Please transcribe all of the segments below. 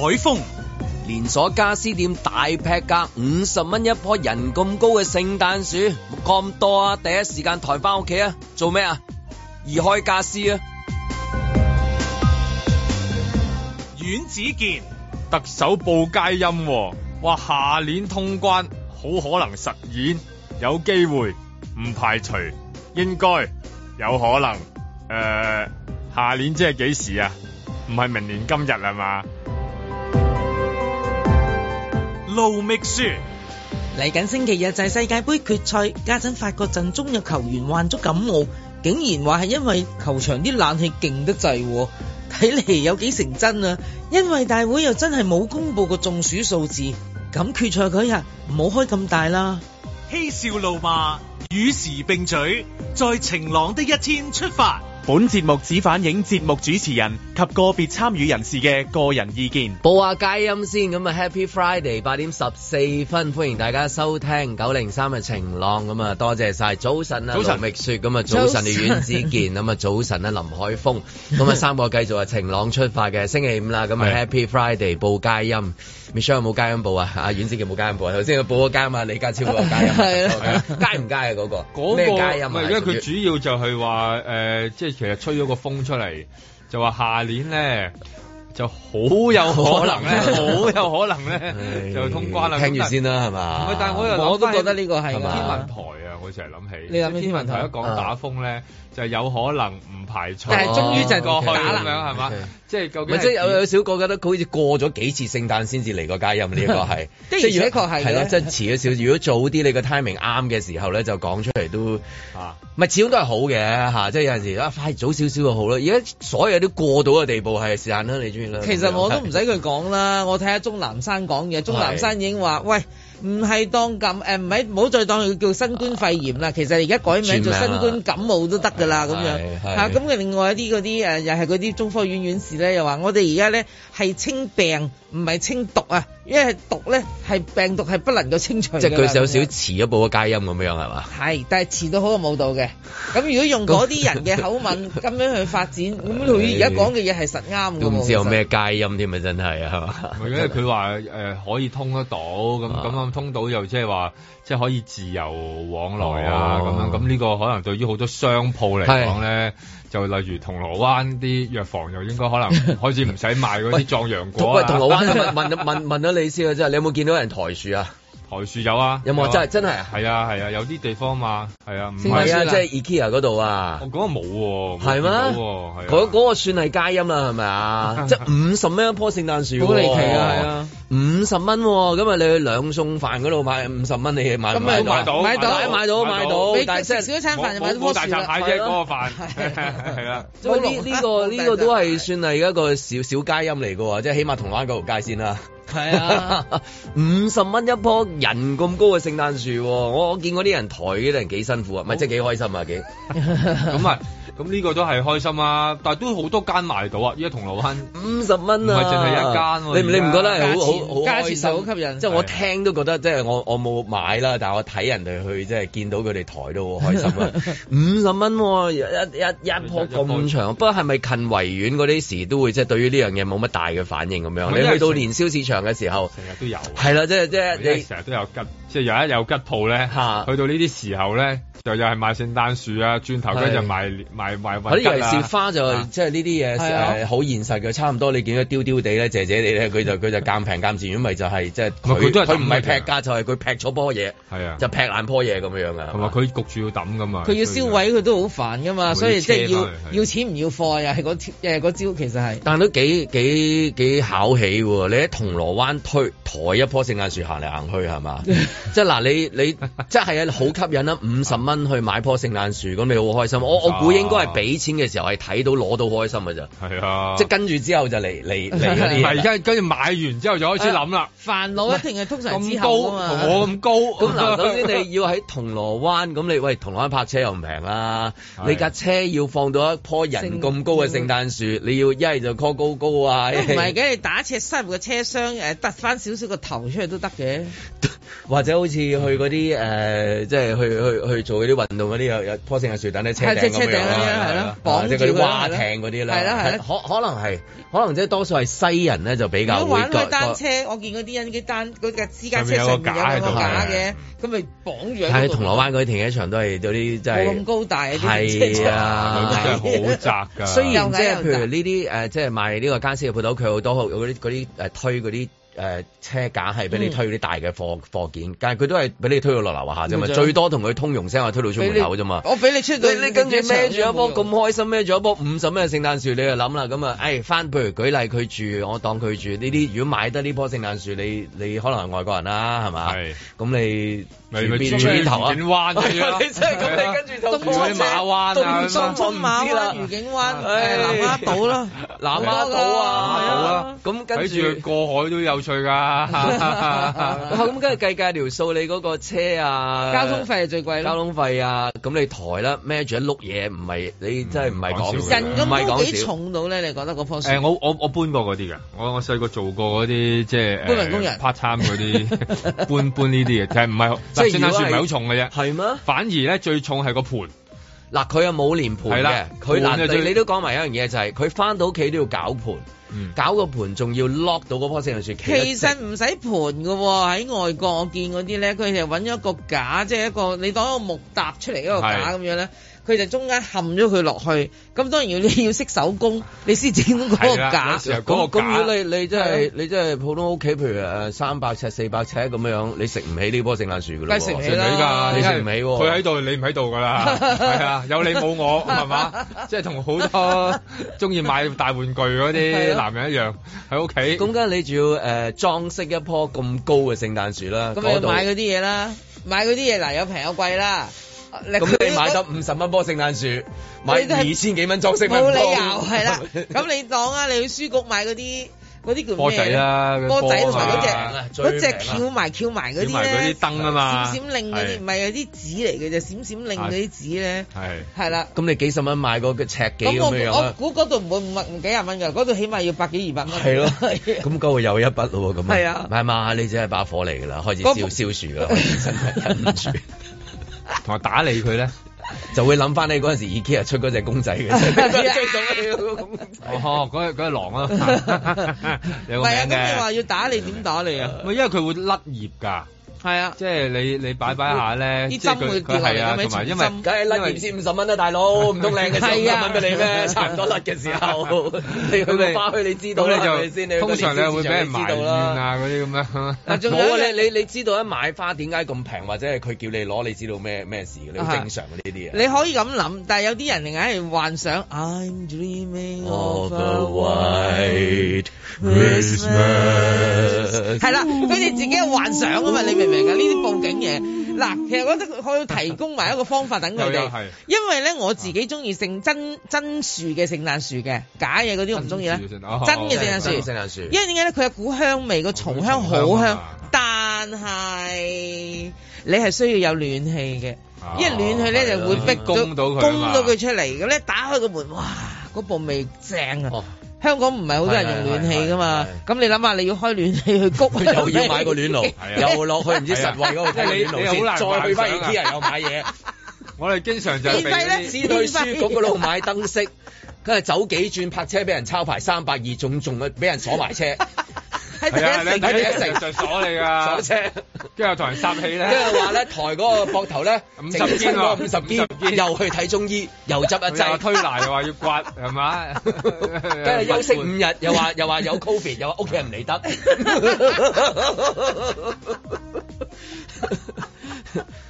海豐連鎖家私店大劈價，五十蚊一樖人咁高嘅聖誕樹咁多啊！第一時間抬翻屋企啊！做咩啊？移開家私啊！阮子健特首報佳音、哦，話下年通關好可能實現，有機會唔排除，應該有可能。誒、呃，下年即係幾時啊？唔係明年今日啊嘛？盧覓雪嚟緊星期日就係世界杯決賽，家陣發覺陣中有球員患咗感冒，竟然話係因為球場啲冷氣勁得滯，睇嚟有幾成真啊！因為大會又真係冇公布過中暑數字，咁決賽嗰日唔好開咁大啦。嬉笑怒罵，與時並舉，在晴朗的一天出發。本節目只反映節目主持人及個別參與人士嘅個人意見。報下佳音先，咁啊 Happy Friday 八點十四分，歡迎大家收聽九零三嘅晴朗，咁啊多謝晒早晨啊，早晨覓雪，咁啊早晨啊阮子健，咁啊早晨啊林海峰，咁 啊三個繼續啊晴朗出發嘅星期五啦，咁啊 Happy Friday 報佳音，Michelle 有冇佳音報啊？阿、啊、阮子健冇佳音、啊、報，頭先佢報咗佳音啊，李家超嗰個佳音係啦， 佳唔佳啊嗰、那個？咩、那、佳、個、音啊？唔係因為佢主要就係話誒，即、呃、係。就是其實吹咗個風出嚟，就話下年咧就好有可能咧，好 有可能咧 就通關啦。聽住先啦，係嘛？唔係，但係我又我都覺得呢個係、啊、天文台啊，我成日諗起。你諗天文台一講、啊、打風咧，就有可能唔排除，但係終於就係過去咁、哦 okay，樣係嘛？Okay, okay 即係，唔係即係有有少個覺得佢好似過咗幾次聖誕先至嚟個街音，呢個係，即係而且確係，係即係遲咗少少。 如果早啲，你個 timing 啱嘅時候咧，就講出嚟都， 都，啊，咪始終都係好嘅嚇。即係有陣時啊，快早少少就好咯。而家所有都過到嘅地步係時間啦，你中意啦。其實我都唔使佢講啦，我睇下鐘南山講嘢，鐘南山已經話喂。唔係當咁，誒、呃，唔係唔好再當佢叫新冠肺炎啦。其實而家改名叫做新冠感冒都得噶啦，咁、啊、樣吓。咁嘅、啊、另外一啲嗰啲誒，又係嗰啲中科院院士咧，又話我哋而家咧係清病。唔係清毒啊，因為毒咧係病毒係不能夠清除嘅。即係佢有少少遲一步嘅佳音咁樣係嘛？係，但係遲到好過冇到嘅。咁如果用嗰啲人嘅口吻咁樣去發展，咁佢而家講嘅嘢係實啱嘅。都唔知有咩佳音添啊！真係啊，係嘛？因為佢話誒可以通得到，咁咁、啊、通到又即係話即係可以自由往來啊咁、哦、樣。咁呢個可能對於好多商鋪嚟講咧。就例如銅鑼灣啲藥房就應該可能開始唔使賣嗰啲壯陽果喂！ 銅鑼灣 問問問問咗你先嘅啫，你有冇見到人抬樹啊？台樹有啊，有冇真係真係，係啊係啊，有啲地方嘛，係啊，唔係啊，即係、啊就是、IKEA 嗰度啊，我覺得冇喎，係咩、啊？嗰個、啊那個算係佳音啦，係咪啊？ 即係五十蚊一棵聖誕樹，好離奇啊，係啊，五十蚊咁啊，今你去兩餸飯嗰度買五十蚊你買，咁買、啊、買到，買到，買到，買到，你食少一餐飯就買一棵樹大買只波飯，係啦、啊。呢、那、呢個呢 是、啊 啊 這個這個都係算係一個小少佳音嚟噶，即 係起碼同灣嗰條街先啦。係啊，五十蚊一棵人咁高嘅聖誕樹，我我見過啲人抬嗰啲人幾辛苦啊，唔係即係幾開心啊，幾咁 啊。咁呢個都係開心啊！但係都好多間買到啊！依家銅鑼灣五十蚊啊，唔係淨係一間喎。你唔覺得價錢好吸引？即係我聽都覺得，即係我我冇買啦，但係我睇人哋去，即係見到佢哋抬都好開心 啊！五十蚊一一一樖咁長一，不過係咪近維園嗰啲時都會即係對於呢樣嘢冇乜大嘅反應咁樣、就是？你去到年宵市場嘅時候，成日都有。係啦，即係即係你成日都有。即係有一有吉鋪咧、啊，去到呢啲時候咧，就又係賣聖誕樹啊，轉頭跟住賣、啊、賣賣雲吉啊。尤其係花就、啊、即係呢啲嘢，好、啊呃、現實嘅。差唔多你見到丟丟地咧、謝謝哋咧，佢就佢 就減平減賤，因為就係、是、即係佢佢唔係劈價，就係佢劈咗波嘢，就劈爛波嘢咁樣噶。同埋佢焗住要抌噶嘛，佢要燒毀，佢都好煩噶嘛，所以,就所以即係要是、啊、要錢唔要貨啊。係嗰招其實係。但係都幾幾幾考起喎！你喺銅鑼灣推抬一棵聖誕樹行嚟行去係嘛？ 即係嗱，你你即係好吸引啦！五十蚊去買棵聖誕樹，咁你好開心。我我估應該係俾錢嘅時候係睇到攞到開心嘅咋，係啊，即跟住之後就嚟嚟嚟，唔係跟住買完之後就開始諗啦。煩惱一定係通常咁高，我咁高。咁首先你要喺銅鑼灣，咁你喂銅鑼灣泊車又唔平啦。你架車要放到一棵人咁高嘅聖誕樹，你要一係就 CALL 高高啊！都唔係嘅，你打斜塞入個車廂，誒，突翻少少個頭出去都得嘅， 即好似去嗰啲誒，即係去去去做嗰啲運動嗰啲，有有坡性嘅樹等咧，車頂咁樣啦，係咯，即係啲蛙艇嗰啲啦，係啦可可能係，可能即係多數係西人咧就比較會玩嗰單車，那個、我見嗰啲人嘅單嗰架、那個、私家車上有假嘅，咁咪綁住。係銅鑼灣嗰啲停車場都係嗰啲真係。咁高大。啲車。係啊，係好窄㗎。雖然即係譬如呢啲即係賣呢個家私嘅鋪頭，佢好多有嗰啲嗰啲推嗰啲。誒、呃、車架係俾你推啲大嘅貨,、嗯、貨件，但係佢都係俾你推到落樓下啫嘛，最多同佢通融聲話推到出門口啫嘛。我俾你出到，你跟住孭住一樖咁開心孭住一樖五十蚊嘅聖誕樹，你就諗啦咁啊？誒，翻、哎、譬如舉例，佢住我當佢住呢啲、嗯，如果買得呢樖聖誕樹，你你可能係外國人啦，係咪？咁你轉邊轉邊頭啊？轉彎，你真係咁？你、啊、跟,頭、啊跟,頭啊、跟頭住就穿馬灣啊？都唔信穿馬灣愉、啊、景灣誒、哎、南丫島啦。 南丫島啊，咁、啊啊啊、跟住過海都有趣噶、啊。咁跟住計計條數，你嗰個車啊，交通費係最貴，交通費啊，咁你抬啦，孭住一碌嘢，唔係你真係唔係講神咁高幾重到咧？你覺得嗰樖樹。嗯、我我我搬過嗰啲嘅，我我細個做過嗰啲即係搬運工人 part time 嗰啲 搬搬呢啲嘅，就唔係即係算唔係好重嘅啫，係咩？反而咧最重係個盤。嗱，佢又冇連盤嘅，佢嗱、就是、你你都講埋一樣嘢就係，佢翻到屋企都要攪盤，嗯、搞個盤仲要 lock 到嗰棵聖誕樹。其實唔使盤嘅喎，喺外國我見嗰啲咧，佢哋揾咗一個架，即、就、係、是、一個你當一個木搭出嚟嗰個架咁樣咧。佢就中間陷咗佢落去，咁當然你要識手工，你先整到嗰個架。咁如果你你真係你真係普通屋企，譬如誒三百尺四百尺咁樣你食唔起呢棵聖誕樹㗎啦！食唔起㗎，你食唔起，佢喺度你唔喺度㗎啦，係 啊，有你冇我，係 嘛？即係同好多中意買大玩具嗰啲男人一樣喺屋企。咁家，家你仲要誒、呃、裝飾一棵咁高嘅聖誕樹啦，咁要買嗰啲嘢啦，買嗰啲嘢嗱，有平有貴啦。咁你買得五十蚊棵聖誕樹，買二千幾蚊裝飾，冇理由係啦。咁 你講啊，你去書局買嗰啲嗰啲叫咩？波仔啊，波仔同埋嗰隻嗰隻翹埋翹埋嗰啲啲燈啊嘛，閃閃令嗰啲唔係有啲紙嚟嘅啫，閃閃令嗰啲紙咧，係係啦。咁你幾十蚊買個尺幾咁、嗰個嗰個、我估嗰度唔會唔幾廿蚊㗎，嗰、嗰、度、個、起碼要百幾二百蚊。係咯，咁嗰個又一筆咯，咁啊，唔係嘛？你真係一把火嚟㗎啦，開始燒、嗰個、燒樹㗎啦，真係忍唔住。 同埋打理佢咧， 就會諗翻你嗰陣時 IKEA，出嗰隻公仔嘅、 啊 啊啊 哦，哦哦，嗰隻嗰隻狼啊，唔 係啊，嗰話要打你點 打你啊？唔係，因為佢會甩葉㗎。係啊，即係你你擺擺下咧，即係佢係啊，因為梗係甩件先五十蚊啦，大佬唔通靚嘅衫甩蚊俾你咩？差唔多甩嘅時候，你去到花墟，你知道通常你會俾人埋怨啊嗰啲咁樣。冇啊，你你你知道一買花點解咁平，或者係佢叫你攞，你知道咩咩事？你正常呢啲嘅。你可以咁諗，但係有啲人成日幻想，I'm dreaming of the White Christmas。係啦，佢哋自己幻想啊嘛，你明？明噶呢啲報警嘢，嗱，其實我覺得可以提供埋一個方法等佢哋，因為咧我自己中意聖真真樹嘅聖誕樹嘅，假嘢嗰啲我唔中意呢，真嘅聖誕樹，聖誕樹哦哦、因為點解咧佢有股香味，個、哦、松香好香，哦、但係你係需要有暖氣嘅，因、哦、為暖氣咧就會逼到佢攻到佢出嚟，咁咧打開個門，哇，嗰部味正啊！哦香港唔係好多人用暖氣㗎嘛，咁你諗下你要開暖氣去谷，又要買個暖爐，又落去唔知實惠嗰個電暖爐、啊，再去翻啲人又買嘢， 我哋經常就係免費咧，先去書局嗰度買燈飾，跟住走幾轉泊車俾人抄牌三百二，仲仲去俾人鎖埋車。係啊，你睇上鎖你啊。上車，跟住又同人撒氣咧，跟住話咧抬嗰個膊頭咧，五十肩喎，五十肩，又去睇中醫，又執一劑，又推拿，又話要刮，係 嘛？跟住休息五日，又話又話有 covid，又話屋企人唔理得。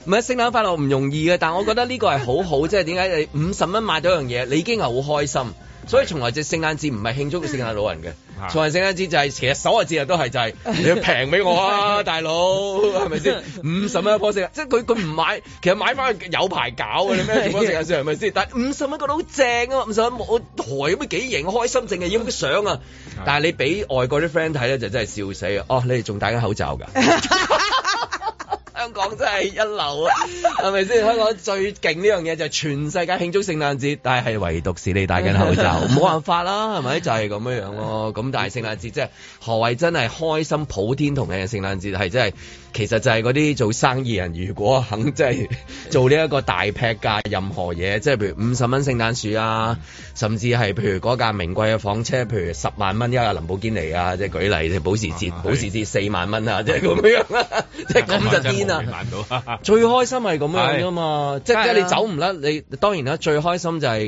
唔係聖誕快樂唔容易嘅，但係我覺得呢個係好好，即係點解你五十蚊買到樣嘢，你已經係好開心。所以從來隻聖誕節唔係慶祝聖誕老人嘅，從來的聖誕節就係、是、其實所有節日都係就係、是、你要平俾我啊 大佬，係咪先？五十蚊一顆聖，即係佢佢唔買，其實買翻有排搞嘅你咩？做翻聖誕節係咪先？ 但係五十蚊覺得好正啊，五十蚊我台咁樣幾型，開心淨係，影啲相啊。 但係你俾外國啲 friend 睇咧，就真係笑死啊！ 哦，你哋仲戴緊口罩㗎？ 香港真係一流啊，係咪先？香港最勁呢樣嘢就係全世界慶祝聖誕節，但係唯獨是你戴緊口罩，冇 辦法啦，係咪？就係、是、咁樣樣、啊、咯。咁但係聖誕節即係何謂真係開心普天同慶嘅聖誕節，係真係。其實就係嗰啲做生意人，如果肯即係做呢一個大劈價，任何嘢，即係譬如五十蚊聖誕樹啊，甚至係譬如嗰架名貴嘅房車，譬如十萬蚊一架林寶堅尼啊，即係舉例啫，保時捷、啊，保時捷四萬蚊啊，即係咁樣啦，即係咁就癲啦、啊。最開心係咁樣噶嘛，即係、即係、你走唔甩你當然啦，最開心就係誒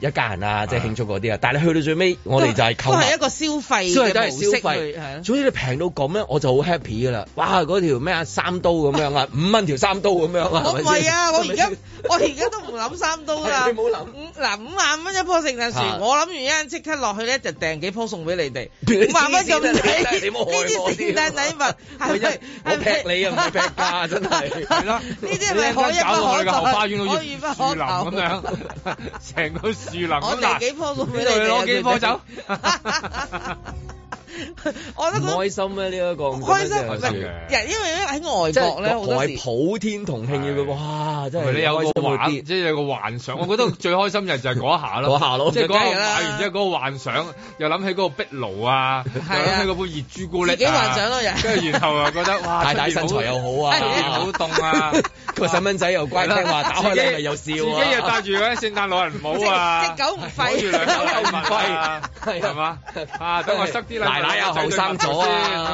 誒一家人啊，即係慶祝嗰啲啊。但係你去到最尾，我哋就係都係一個消費嘅模式，總之你平到咁咧，我就好 happy 噶啦。哇！嗰條咩啊？三刀咁樣啊？五蚊條三刀咁樣啊？我唔係啊！我而家我而家都唔諗三刀啦。你唔好諗。嗱，五萬蚊一樖聖誕樹，我諗完一陣即刻落去咧就訂幾樖送俾你哋。五萬蚊咁抵？呢啲聖誕禮物係咪真？我劈你啊！我唔會劈啊真係。係咯，呢啲係我一個後花園嘅樹林咁樣，成個樹林都係。我哋幾樖咁樣，你攞幾樖走？我覺得、呢個、開心咩呢一個？唔開心唔係因為喺外國咧好、即係、多時普天同慶嘅，哇！真係你有個幻，即、就、係、係、有個幻想。 我覺得最開心嘅就係嗰下咯，即係嗰個買完之後嗰個幻想，又諗起嗰個壁爐啊， 又諗起嗰杯熱朱古力、啊。自己幻想咯，又跟住然後又覺得 哇，太大，大身材又好啊，唔好凍啊，個細蚊仔又乖 聽話，打開嚟 又笑、啊，自己又戴住嗰啲聖誕老人帽啊，隻狗唔吠，兩狗又唔吠，係嘛？啊，等我塞啲禮。 哪有後生咗啊？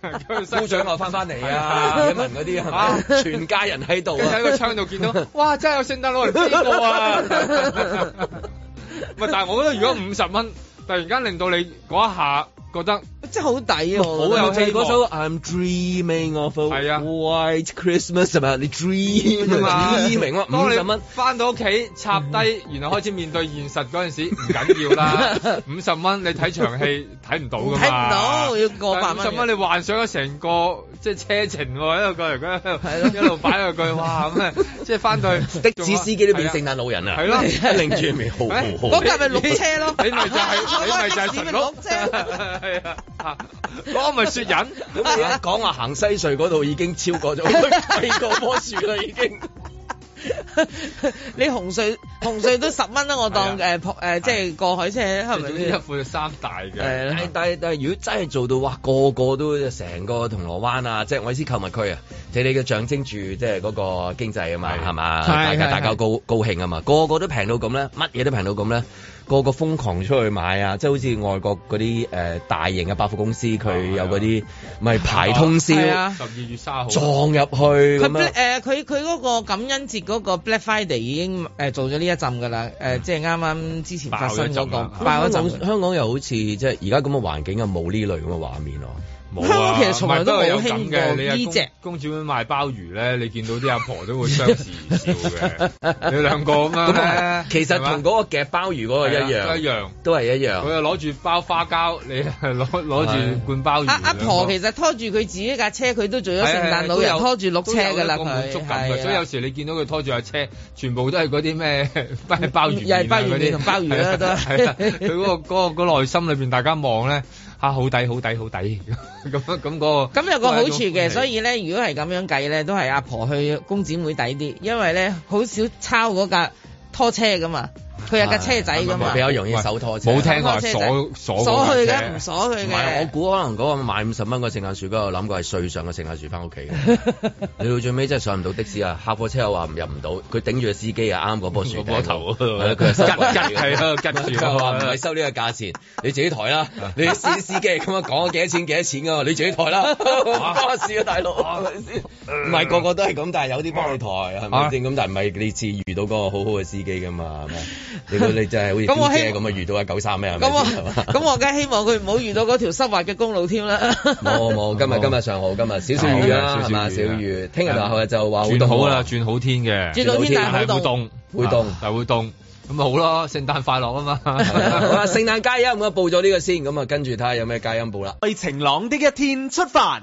咁樣跟住收丈又翻翻嚟啊！李、啊、文嗰啲係咪？全家人喺度喺個窗度見到，哇！真係有聖誕老人飛過啊！唔係，但係我覺得如果五十蚊，突然間令到你嗰一下。覺得真係好抵啊！好有氣嗰首，啊、I'm dreaming of a white Christmas 係咪，啊？你 dream 啊嘛，耳鳴五十蚊翻到屋企插低，然後開始面對現實嗰陣時唔緊要啦。五十蚊你睇場戲睇唔到噶嘛？睇唔到要過百蚊！五十蚊你幻想咗成個即係、就是、車程喺、啊、度過嚟，佢一路擺咗句哇，咁即係翻到的士司機都變成聖誕老人啊！係咯、啊，啊 啊、住咪好好好。嗰架咪綠車咯，你咪就係、是、 你咪就係綠車。 係啊，我咪雪人咁，你一講啊，行西隧嗰度已經超過咗幾多棵樹啦， 可可已經。 你紅隧紅隧都十蚊啦、啊，我當誒誒、 呃啊，即係過海車係咪先？啊、是是一褲三大嘅，係、啊啊、但但係，但如果真係做到哇，個個都成個銅鑼灣啊，即、就、係、是、我意思購物區啊，即係你嘅象徵住即係嗰個經濟啊嘛，係嘛，大家大家高高興啊嘛，個個都平到咁咧，乜嘢都平到咁咧。個個瘋狂出去買啊！即係好似外國嗰啲誒大型嘅百貨公司，佢有嗰啲咪排通宵，十二月三號撞入去咁樣。誒佢佢嗰個感恩節嗰個 Black Friday 已經、呃、做咗呢一陣㗎啦。即係啱啱之前發生咗、嗰個。爆一陣爆一陣。香港，香港又好似即係而家咁嘅環境啊，冇呢類咁嘅畫面咯。香港、啊、其實從來都係有興嘅。呢阿公，公主會賣鮑魚呢。 你見到啲阿婆都會相視而笑嘅。 你兩個咁咧， 其實同嗰個夾鮑魚嗰個一樣，一樣、啊、都係一樣。佢又攞住包花膠，你攞住、啊、罐鮑魚、啊。阿婆其實拖住佢自己架車，佢都做咗聖誕老人，啊啊、拖住碌車噶啦。佢、啊，所以有時你見到佢拖住架車，全部都係嗰啲咩鮑魚，又鮑魚、鮑魚你同鮑魚啦、啊、都。係佢嗰個內心裏面，大家望呢。 嚇、啊、好抵好抵好抵咁咁個個咁有個好處嘅，所以咧如果係咁樣計咧，都係阿婆去工展會抵啲，因為咧好少抄嗰架拖車噶嘛。佢有架車仔咁樣，比較容易手拖車。冇聽過鎖鎖個車，鎖去嘅唔鎖去嘅。唔係，我估可能嗰個買五十蚊個聖誕樹嗰個諗過係稅上個聖誕樹翻屋企，你到最尾真係上唔到的士啊！客貨車又話唔入唔到，佢頂住個司機啊！啱嗰棵樹。個頭。佢話拮，拮係啊，拮樹。佢話唔係收呢個價錢，你自己抬啦、啊。你司司機咁樣講幾多錢幾多錢啊？你自己抬啦。巴士啊， 大佬。唔、啊、係個個都係咁，但係有啲幫你抬係咪先？咁但係唔係你至遇到嗰個好好嘅司機噶嘛？你估你真係好似啲車咁啊，嗯、那那遇到阿九三咩，咁我咁我梗係希望佢唔好遇到嗰條濕滑嘅公路添啦。冇冇，今日今日上好，今日少少雨啊。小雨。聽日啊，就話轉、啊、好啦，轉好天嘅。轉到天但係會凍，但凍，係會凍。咁啊、嗯、那好，誕 好啦，聖誕快樂啊嘛。好啦、這個，聖誕佳音咁啊，報咗呢個先，咁啊跟住睇下有咩佳音報啦。在晴朗的一天出發。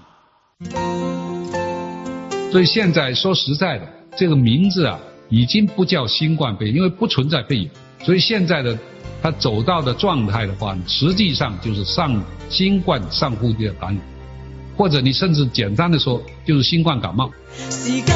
所以現在說實在的，這個名字啊。已經不叫新冠肺炎，因為不存在肺炎，所以現在的他走到的狀態的話，實際上就是上新冠上呼吸道感染，或者你甚至簡單的說就是新冠感冒。時間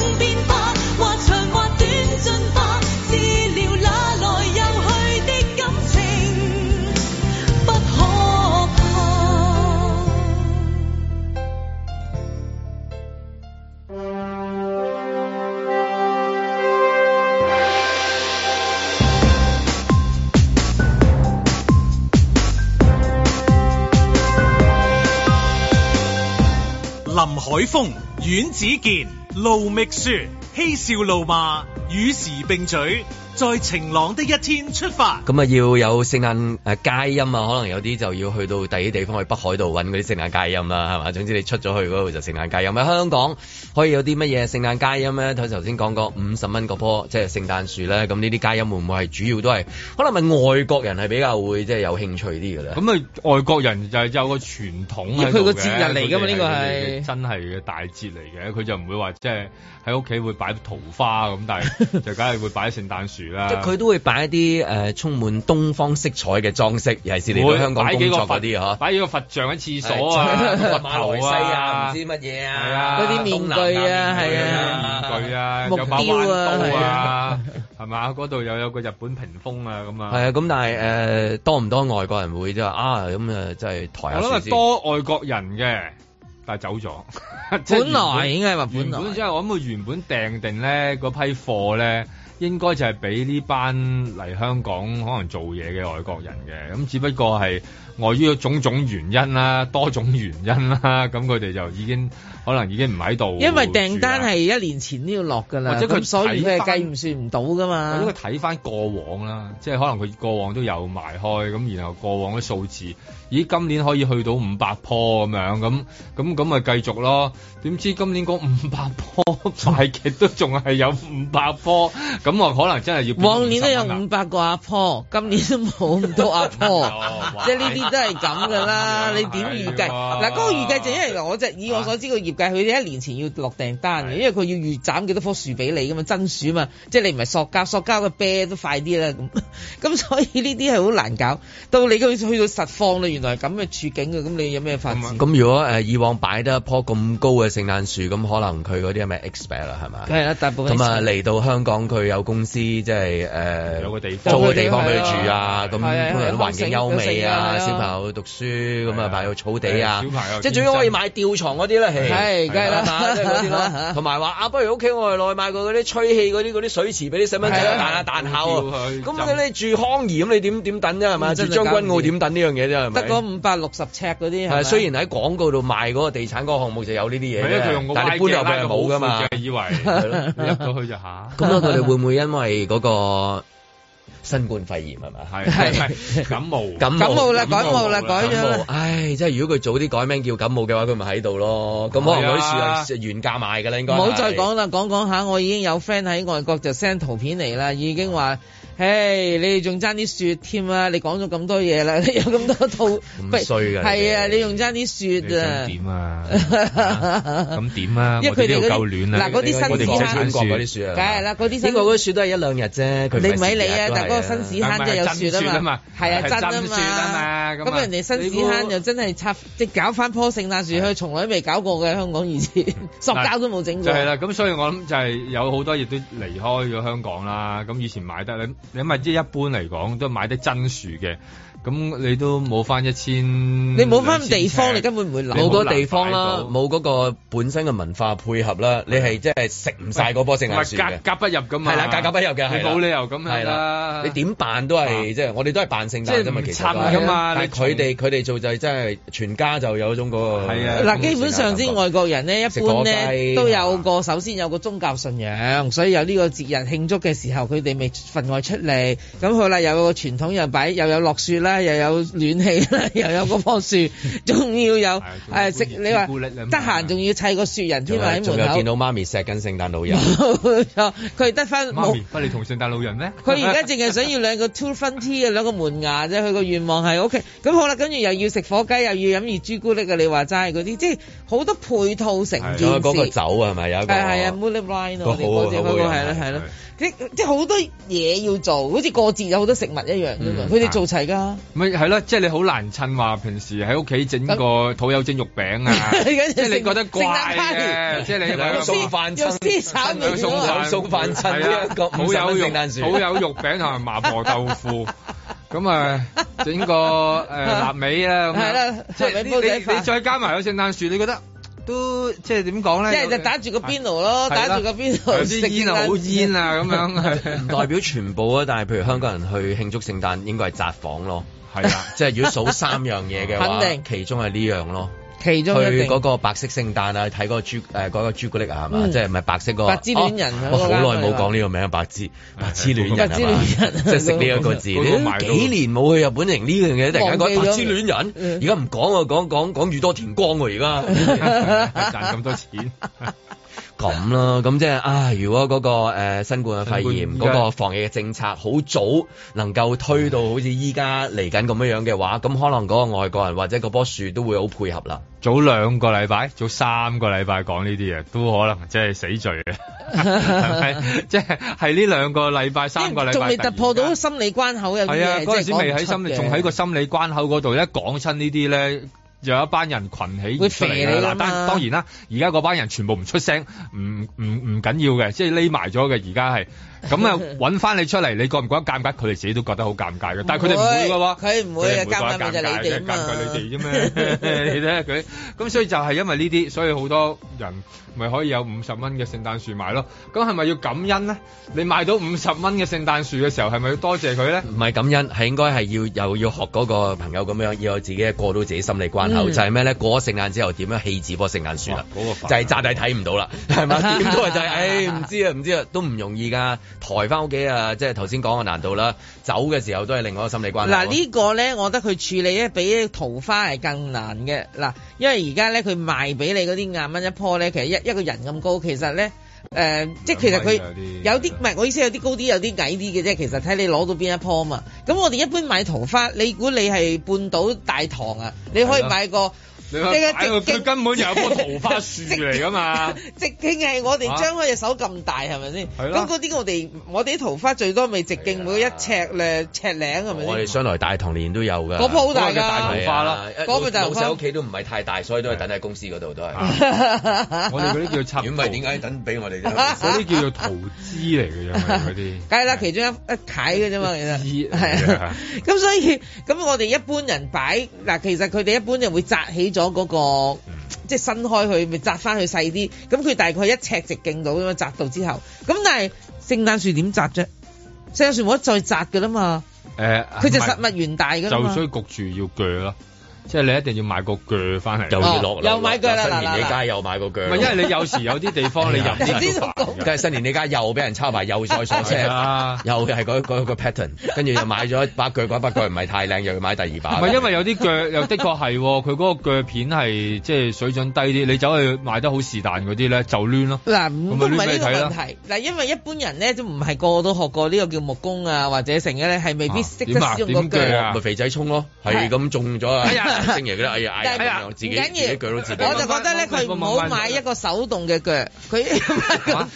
海風，阮子健，盧覓雪，嬉笑怒罵，與時並舉。在晴朗的一天出發，咁啊要有聖誕誒佳音啊，可能有啲就要去到第啲地方去北海道揾嗰啲聖誕佳音啦、啊，係嘛？總之你出咗去嗰度就聖誕佳音啦。香港可以有啲乜嘢聖誕佳音咧、啊？佢頭先講過五十蚊個棵即係聖誕樹咧，咁呢啲佳音會唔會係主要都係？可能咪外國人係比較會即係有興趣啲嘅咧。咁啊外國人就係有個傳統，依佢個節日嚟㗎嘛，呢、這個係真係嘅大節嚟嘅，佢就唔會話即係喺屋企會擺桃花咁，但係就梗係會擺聖誕樹。 佢都會擺一啲誒、呃、充滿東方色彩嘅裝飾，尤其是你到香港工作嗰啲啊，擺幾個佛像喺廁所啊，佛、啊啊啊、頭啊，唔知乜嘢啊，嗰、啊、啲、啊啊、面具啊，係啊，啊，啊，面具啊，木雕啊，係嘛、啊？嗰度又有一個日本屏風啊，咁 啊，係啊。咁但係誒多唔多外國人會即係啊咁啊，即係台。我諗係多外國人嘅，但係走咗。本來應該係日原本，即係我諗佢原本訂定咧嗰批貨咧。應該就係俾呢班嚟香港可能做嘢嘅外國人嘅，咁只不過係。礙於種種原因啦，多種原因啦，咁佢哋就已經可能已經唔喺度。因為訂單係一年前都要落㗎啦，或者佢所以佢計唔算唔到㗎嘛。因為睇翻過往啦，即係可能佢過往都有埋開，咁然後過往嘅數字，咦，今年可以去到五百棵咁樣咁咁咁咪繼續咯？點知今年嗰五百棵快極都仲係有五百棵，咁 我可能真係要往年都有五百個阿棵，今年都冇咁多阿棵， 即係呢啲。都係咁噶啦，你點預計？嗱、啊，嗰、啊啊嗰個預計就因為我就以我所知個業界，佢一年前要落訂單嘅，因為佢要預斬幾多棵樹俾你咁啊，真樹嘛，即係你唔係塑膠，塑膠嘅啤都快啲啦咁。咁、啊、所以呢啲係好難搞。到你去到實況原來係咁嘅處境嘅，咁你有咩發展？咁、嗯、如果誒以往擺得一棵咁高嘅聖誕樹，咁可能佢嗰啲係咪 expert 啦係咪？係啊，大部分咁啊，嚟到香港，佢有公司即係誒，有個地租個地方俾佢、啊、住啊，咁通常環境優美啊，有讀書咁啊，買個草地啊，即係最可以買吊床嗰啲啦，係梗係啦，同埋話啊，不如屋企我哋內買個嗰啲吹氣嗰啲嗰啲水池俾啲細蚊仔彈下彈下，咁你住康怡咁你點點等啫係嘛？即將軍澳點等呢樣嘢啫，係得五百六十尺嗰啲係，雖然喺廣告度賣嗰個地產嗰個項目就有呢啲嘢，但係你搬入去冇噶嘛，以為入到去就吓。咁佢哋會唔會因為嗰個？新冠肺炎係嘛？係感冒，感冒感冒啦，感冒啦改咗，唉，即係如果佢早啲改名叫感冒嘅話，佢咪喺度咯，咁可能嗰啲樹係原價賣㗎啦。應該唔好再講啦講講下我已經有 friend 喺外國就 send 圖片嚟啦已經話。嗯誒、hey，你哋仲爭啲雪添啊！你講咗咁多嘢啦，你有咁多套，唔衰㗎，係啊，你仲爭啲雪啊？點啊？咁點啊？因為佢哋嗰啲夠暖啦，嗱嗰啲新紙慳樹，嗰啲樹啊，梗係啦，嗰啲英國嗰啲雪都係一兩日啫。你唔係你啊，但係嗰個新紙慳就有雪啊嘛。係啊，是真啊嘛。咁人哋新紙坑又真係插即係搞翻棵聖誕樹，佢從來都未搞過嘅香港以前，塑膠都冇整過。就係啦，咁所以我諗就係有好多嘢都離開咗香港啦。咁以前買得咧。你咪即係一般嚟講，都買啲真樹嘅。咁你都冇翻一千，你冇翻地，地方，你根本唔會會冇個地方啦，冇嗰個本身嘅文化配合啦、啊，你係即係食唔晒嗰棵聖誕樹夾嘅，不，格格不入咁啊！係啦，格格不入嘅，冇理由咁係啦。你點辦都係，即、啊、係我哋都係扮聖誕啫、啊啊、嘛。其實，太親啊嘛！佢哋佢哋做就真係全家就有那種嗰、那個。係啊！嗱，基本上先外國人咧，一般咧都有個首先有個宗教信仰，所以有呢個節日慶祝嘅時候，佢哋未份外出嚟。咁好啦，有個傳統又擺，又有落雪啦。又有暖氣啦，又有嗰樖樹，仲要有誒食。 你話得閒仲要砌個雪人，添埋喺門口。仲有見到媽咪錫緊聖誕老人。冇 錯，佢得翻媽咪。你同聖誕老人咩？佢而家淨係想要兩個 two front teeth 嘅兩個門牙啫。佢個願望係 OK。咁好啦，跟住又要食火雞，又要飲熱朱古力啊！你話齋嗰啲，即係好多配套成串。個酒啊，咪有個？係係啊，mulled wine 好，好。係係、啊、即好多嘢要做，好似過節有好多食物一樣佢哋、嗯、做齊㗎。嗯。咪係咯，即 係、嗯就是、你好難襯話，平時喺屋企整個土有蒸肉餅啊， 即係你覺得怪，即係你攞個送飯、送飯、送飯、送飯，冇有肉、冇有肉餅同埋麻婆豆腐，咁啊整個誒臘味啊，咁係啦，即係你你再加埋個聖誕樹，你覺得？都即係點講咧？即係就是打住個邊爐咯，打住個邊爐爐煙啊，冇煙啊咁、啊、樣唔 代表全部啊，但係譬如香港人去慶祝聖誕，應該係扎房咯。係啦，即係如果數三樣嘢嘅話 肯定其中係呢樣咯。其中去嗰個白色聖誕啊，去睇嗰個朱誒嗰朱古力啊，係、嗯、嘛？即係唔係白色嗰、嗰個？白之戀人啊！哦、我好耐冇講呢個名白之白之戀人啊嘛，即係食呢一個字。幾年冇去日本影呢樣嘢，突然間講白之戀人，而家唔講啊，講講講宇多田光啊，而家賺咁多錢。咁啦，咁即係啊！如果嗰、嗰個、呃、新冠肺炎嗰、嗰個防疫嘅政策好早能夠推到好似依家嚟緊咁樣嘅話，咁、嗯、可能嗰個外國人或者嗰棵樹都會好配合啦。早兩個禮拜，早三個禮拜講呢啲嘢，都可能即係死罪 係唔係 即係係呢兩個禮拜 三個禮拜仲未突破到心理關口嘅。係啊，嗰陣時未喺心仲喺個心理關口嗰度，一講親呢啲咧。有一班人群起出嚟，嗱，但當然啦，而家嗰班人全部唔出聲，唔唔唔緊要嘅，即係匿埋咗嘅，而家係。咁啊，揾翻你出嚟，你覺唔覺得尷尬？佢哋自己都覺得好尷尬嘅，但係佢哋唔會嘅喎，佢唔會啊，會尷尬就係、啊、 尷尬你哋啫嘛，你睇下佢。咁所以就係因為呢啲，所以好多人咪可以有五十蚊嘅聖誕樹買咯。咁係咪要感恩咧？你買到五十蚊嘅聖誕樹嘅時候，係咪要多謝佢咧？唔係感恩，係應該係要又要學嗰個朋友咁樣，要有自己過到自己心理關口、嗯，就係咩咧？過咗聖誕之後點咧？樣棄置嗰聖誕樹啦、啊那個，就係炸底睇唔到啦，係 嘛？點都係就係、是，唉、哎，唔知啊，唔知啊，都唔容易噶。抬翻屋企啊！即係頭先講個難度啦，走嘅時候都係另外一個心理關。嗱、這個，呢個咧，我覺得佢處理咧比桃花係更難嘅。嗱，因為而家咧佢賣俾你嗰啲廿蚊一棵咧，其實一一個人咁高，其實咧，誒、呃，即係其實佢有啲唔係，我意思有啲高啲，有啲矮啲嘅啫。其實睇你攞到邊一棵啊嘛。咁我哋一般買桃花，你估你係半島大堂啊？你可以買個。你睇根本就係棵桃花樹嚟噶嘛，直徑係我哋張開隻手咁大係咪先？咁嗰啲我哋我哋啲桃花最多咪直徑每嗰一呎尺咧尺零係咪，我哋商來大同年都有嘅，嗰棵好大嘅、啊、大桃花啦。嗰棵大桃花，老細屋企都唔係太大，所以都係等喺公司嗰度都係。 我哋嗰啲叫插，咁咪點解等俾我哋嗰啲叫做桃枝嚟㗎，嗰啲梗係啦，其中一一嘅㗎啫嘛，其實咁 所以咁我哋一般人擺嗱，其實佢哋一般人會紮起咗。攞、那、嗰個即係、就是、伸開佢，咪紮翻佢細啲。咁佢大概一尺直徑到咁樣紮到之後，咁但係聖誕樹點紮啫？聖誕樹冇得再紮噶啦嘛。誒、呃，佢就實物原大噶嘛。就需焗住要鋸咯。即係你一定要買個鋸翻嚟，又跌落嚟，又買鋸啦。新年你街又買個鋸，唔、啊、因為你有時有啲地方 你任唔任， 但係新年你街又俾人抄埋，又再上車啦。 又係嗰、那個 pattern，跟住又買咗一把鋸，嗰 一把鋸唔係太靚，又要買第二把。唔係因為有啲鋸 又的確係，佢嗰個鋸片係即係水準低啲。你走去買得好、啊、是但嗰啲咧就攣咯。嗱，唔都唔係呢個問題。嗱，但因為一般人咧都唔係個個都學過呢個叫木工啊，或者成日咧係未必識得使用鋸啊。咪、啊啊啊啊、肥仔衝咯，係咁中咗啊！ 星爺咧，哎呀，哎我自己，自己，自己，我就覺得咧，佢唔好買一個手動嘅腳，佢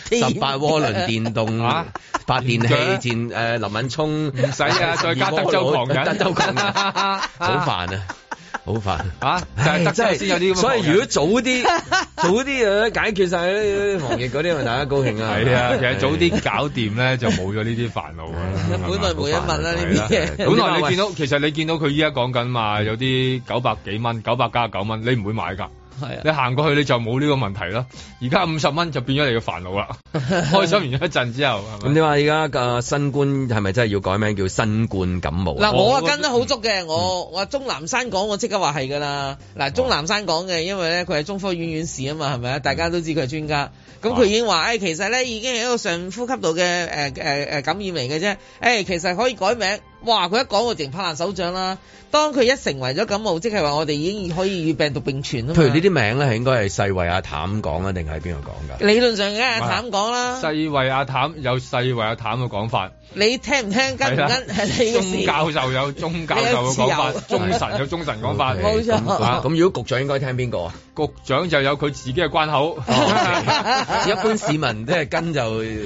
十八渦輪電動發、啊、電器，電、啊、誒，林敏聰唔使啊，再加德州狂加、啊、德州狂啊，好煩啊！啊好煩啊，但係先有問題！所以如果早啲 早啲解決曬啲行業嗰啲，咪大家高興啊！ 係啊，其實早啲搞掂咧，就冇咗呢啲煩惱啊。 本來冇一物啦、啊，呢 本來你見到 其實你見到佢依家講緊話，有啲九百幾蚊，九百加九蚊，你唔會買㗎。係、啊，你行過去你就冇呢個問題啦。而家五十蚊就變咗你嘅煩惱啦。 開心完咗一陣之後，咁 你話而家嘅新冠係咪真係要改名叫新冠感冒？嗱、啊，我啊跟得好足嘅，我、嗯、我鍾南山講，我即刻話係噶啦。嗱，鍾南山講嘅，因為咧佢係中科院院士啊嘛，係咪啊？大家都知佢係專家，咁佢已經話、哎，其實咧已經係一個上呼吸道嘅誒誒感染嚟嘅啫。誒、哎、其實可以改名。哇！佢一講我直情拍爛手掌啦。當佢一成為咗感冒，即係話我哋已經可以與病毒並存啊。譬如呢啲名咧，係應該係世衛阿譚講啊，定係邊個講㗎？理論上嘅阿、阿譚講啦。世衛阿譚有世衛阿譚嘅講法。你聽唔聽跟唔跟係你、啊、中教授有中教授嘅講法有，中神有中神講法。冇、okay, 錯。咁、啊、如果局長應該聽邊個啊？局長就有佢自己嘅關口。 一般市民即係跟就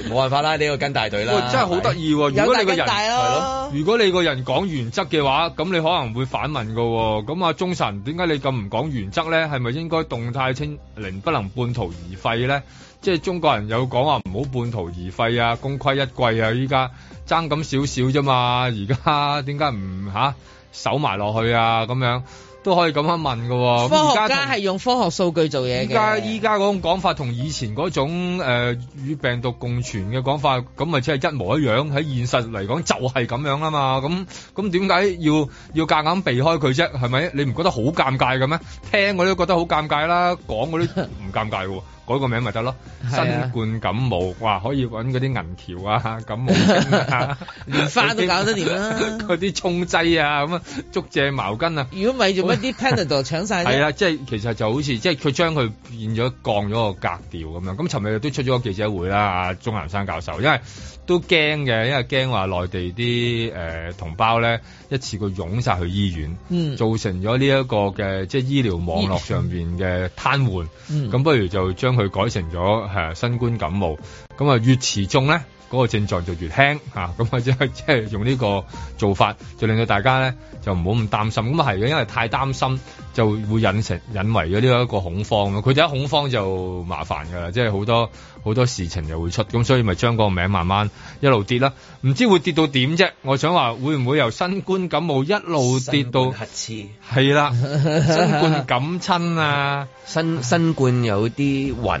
冇辦法啦，你要跟大隊啦、欸。真係好得意喎！如果你個人係咯、啊，如果你，呢個人講原則嘅話，咁你可能會反問㗎喎。咁啊，忠臣點解你咁唔講原則呢？係咪應該動態清零不能半途而廢呢？即係中國人有講話唔好半途而廢啊，功虧一簣啊！依家爭咁少少啫嘛，而家點解唔嚇守埋落去啊？咁樣。都可以咁樣問嘅，科學家係用科學數據做嘢嘅。依家依家嗰種講法同以前嗰種誒、呃、與病毒共存嘅講法，咁咪即係一模一樣。喺現實嚟講就係咁樣啦嘛。咁咁點解要要夾硬避開佢啫？係咪？你唔覺得好尷尬嘅咩？聽我都覺得好尷尬啦，講嘅都唔尷尬喎。 改個名咪得咯，新冠感冒，哇！可以揾啲銀條啊，感冒，啊，連 花都搞得掂 啦，啊。啲，啊、沖 劑啊，咁啊，竹蔗茅根啊。如果咪做乜啲 Panadol 搶晒，係啊，即係其實就好似即係佢將佢變咗降咗個格調咁樣。咁尋日都出咗個記者會啦，阿鍾南山教授，因為都驚嘅，因為驚話內地啲誒，呃、同胞咧一次過湧晒去醫院，嗯，造成咗呢一個嘅即係醫療網絡上邊嘅癱瘓，嗯，咁不如就將。佢改成咗誒、啊、新冠感冒，咁啊越遲重咧。嗰、那個症狀就越輕嚇，咁或者係即係用呢個做法，就令到大家咧就唔好咁擔心。咁啊係因為太擔心就會引成引為咗呢一個恐慌咯。佢哋一恐慌就麻煩噶啦，即係好多好多事情就會出。咁所以咪將個名慢慢一路跌啦。唔知會跌到點啫？我想話會唔會由新冠感冒一路跌到核刺係啦，新冠， 新冠感親啊，新新冠有啲暈。暈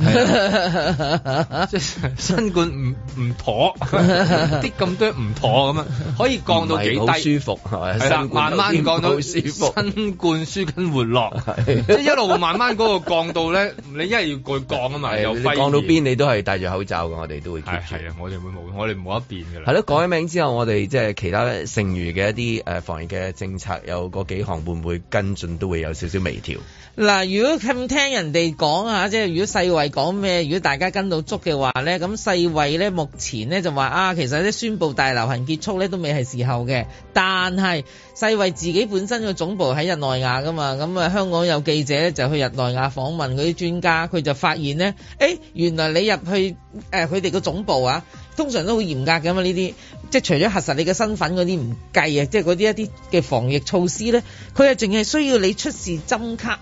即係新冠唔唔妥，啲咁多唔妥咁啊，可以降到幾低？舒服係啊，慢慢降到，舒服。新冠舒筋活絡，即係、就是、一路慢慢嗰個降到咧， 你一係要降啊嘛，又降到邊你都係戴住口罩嘅，我哋都會係，係啊，我哋會冇，我哋冇得變㗎啦。係咯，改名之後，我哋即係其他剩餘嘅一啲誒防疫嘅政策，有嗰幾項會唔會跟進都會有少少微調？嗱，如果聽人哋講啊，即係如果世衛。講咩？如果大家跟到足嘅話呢，咁世衛呢目前呢就話啊，其實呢，宣布大流行結束呢都未係時候嘅。但係世衛自己本身個總部喺日內瓦㗎嘛，咁、嗯、啊香港有記者呢就去日內瓦訪問嗰啲專家，佢就發現呢：欸「誒，原來你入去誒佢哋個總部啊，通常都好嚴格㗎嘛呢啲，即係除咗核實你嘅身份嗰啲唔計啊，即係嗰啲一啲嘅防疫措施呢，佢係淨係需要你出示針卡。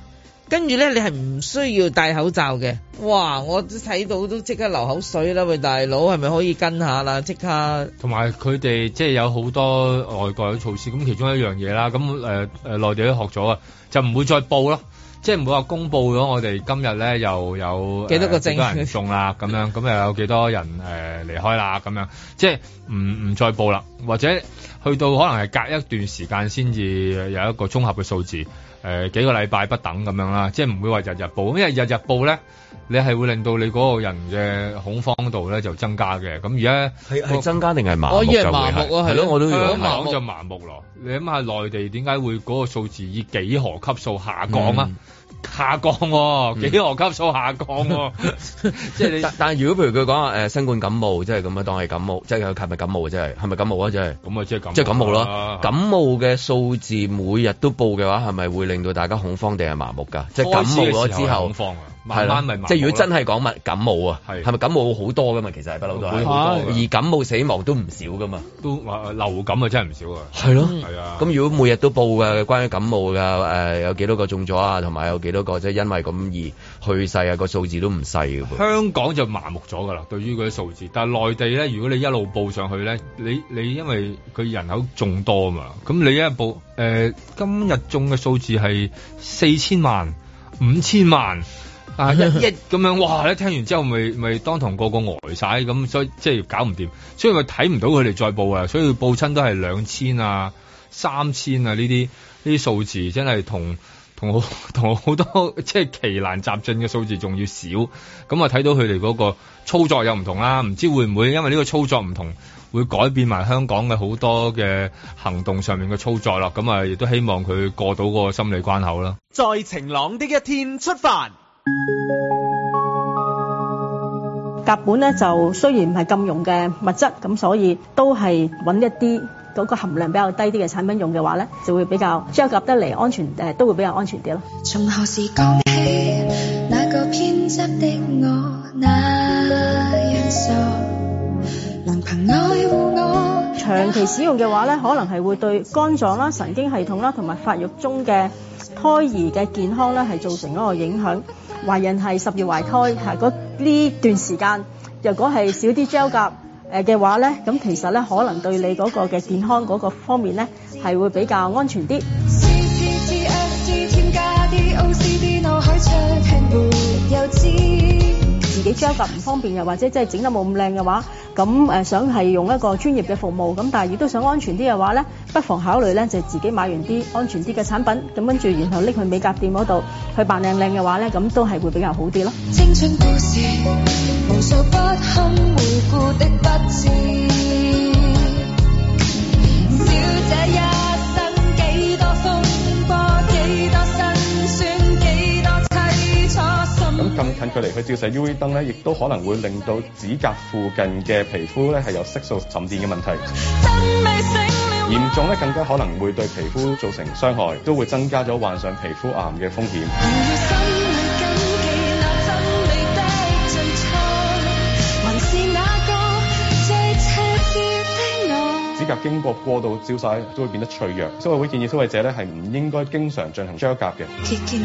跟住咧，你係唔需要戴口罩嘅。哇！我睇到都即刻流口水啦，喂大佬，係咪可以跟下啦？即刻。同埋佢哋即係有好多外國嘅措施，咁其中一樣嘢啦，咁誒誒內地都學咗啊，就唔會再報咯，即係唔會話公佈咗我哋今日咧又有幾、呃、多少人送啦咁樣，咁又有幾多人誒離、 呃、開啦咁樣，即係唔唔再報啦，或者去到可能係隔一段時間先至有一個綜合嘅數字。誒、呃、幾個禮拜不等咁樣啦，即係唔會話日日報，因為日日報呢，你係會令到你嗰個人嘅恐慌度呢就增加嘅。咁而家係係增加定係麻木？我以為麻木啊，係咯、啊啊，我都認為麻木就麻木囉。你諗下內地點解會嗰個數字以幾何級數下降啊？嗯嗯嗯嗯下降、哦，幾何級數下降、哦，即、嗯、係 你但。但係如果譬如佢講話誒，新冠感冒，即係咁樣，當係感冒，即係佢係咪感冒，即係係咪感冒啊？就是、即係咁啊，即係即係感冒咯。啊、感冒嘅數字每日都報嘅話，係咪會令到大家恐慌定係麻木噶？即係、就是、感冒咗之後。係啦，咪、啊、即係如果真係講乜感冒啊，係係咪感冒好多噶嘛？其實不嬲都係好多、啊、而感冒死亡都唔少噶嘛，都流感是啊，真係唔少啊。係咯，係啊。咁如果每日都報噶關於感冒噶誒、呃，有幾多個中咗啊？同埋有幾多個即係因為咁而去世啊？個數字都唔細嘅。香港就麻木咗噶啦，對於嗰啲數字。但係內地咧，如果你一路報上去咧，你你因為佢人口眾多啊嘛，咁你一日報誒、呃、今日中嘅數字係四千萬、五千萬。 啊！一億咁樣哇！咧，聽完之後，咪咪當堂個個呆曬咁，所以即係搞唔掂，所以咪睇唔到佢哋再報啊。所以報親都係兩千啊、三千啊呢啲呢啲數字，真係同同同好多即係奇難雜症嘅數字仲要少。咁啊，睇到佢哋嗰個操作又唔同啦，唔知會唔會因為呢個操作唔同，會改變埋香港嘅好多嘅行動上面嘅操作啦。咁啊，亦都希望佢過到個心理關口啦。在晴朗一的一天出發。甲苯咧就雖然唔係禁用嘅物質，咁所以都係揾一啲嗰個含量比較低啲嘅產品用嘅話咧，就會比較將得嚟安全，誒都會比較安全啲咯，那個。長期使用嘅話咧，可能係會對肝臟啦、神經系統啦，同埋發育中嘅胎兒嘅健康咧係造成嗰個影響。懷孕係十月懷胎，係嗰呢段時間，若果係少啲 gel 甲誒嘅話咧，咁其實咧可能對你嗰個嘅健康嗰個方面咧係會比較安全啲。你自膠夾唔方便，又或者即係整得冇咁靚嘅話，咁誒想係用一個專業嘅服務，咁但係亦都想安全啲嘅話咧，不妨考慮咧就自己買完啲安全啲嘅產品，咁跟住然後拎去美甲店嗰度去扮靚靚嘅話咧，咁都係會比較好啲咯。咁咁近距離去照射 U V 燈咧，亦都可能會令到指甲附近嘅皮膚咧係有色素沉澱嘅問題。真嚴重咧更加可能會對皮膚造成傷害，都會增加咗患上皮膚癌嘅風險 指甲經過過度照射都會變得脆弱。消委會建議消費者咧係唔應該經常進行 gel 甲夾嘅。結結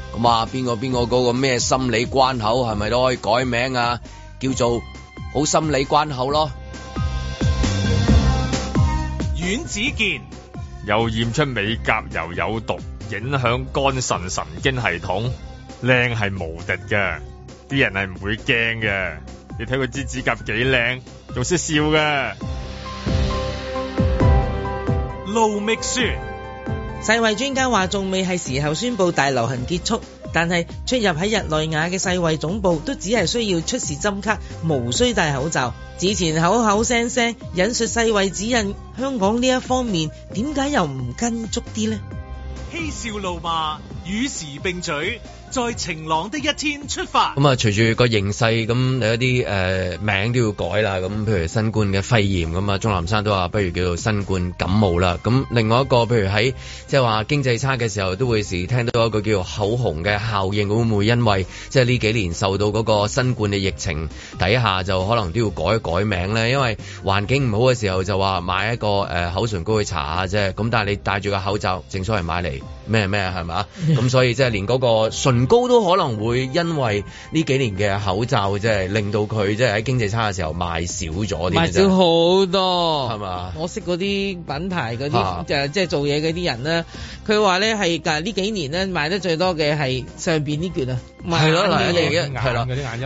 咁啊，邊個邊個嗰個咩心理關口係咪都可以改名啊？叫做好心理關口咯。阮子健又驗出美甲，又有毒，影響肝腎神經系統。靚係無敵嘅，啲人係唔會驚嘅。你睇佢支指甲幾靚，仲識笑嘅。盧覓雪。世衛專家話仲未係時候宣布大流行結束，但係出入喺日內瓦嘅世衛總部都只係需要出示針卡，無需戴口罩。之前口口聲聲引述世衛指引，香港呢一方面點解又唔跟足啲呢？嬉笑怒罵與時並舉。在晴朗的一天出發。咁啊，隨住個形勢，咁有一啲誒、呃、名都要改啦。咁譬如新冠嘅肺炎，咁啊，鍾南山都話不如叫做新冠感冒啦。咁另外一個，譬如喺即係話經濟差嘅時候，都會時聽到一個叫口紅嘅效應，會唔會因為即係呢幾年受到嗰個新冠嘅疫情底下，就可能都要改一改名咧？因為環境唔好嘅時候，就話買一個誒、呃、口唇膏去搽下啫。咁但係你戴住個口罩正來來，正所謂買嚟。咩咩係嘛？咁 所以即係連嗰個唇膏都可能會因為呢幾年嘅口罩，即係令到佢即係喺經濟差嘅時候賣少咗啲。賣少好多係嘛？我識嗰啲品牌嗰啲， 就即係做嘢嗰啲人咧，佢話咧係，但呢幾年咧賣得最多嘅係上面呢卷啊。係咯，嗱你嘅眼係咯，嗰啲眼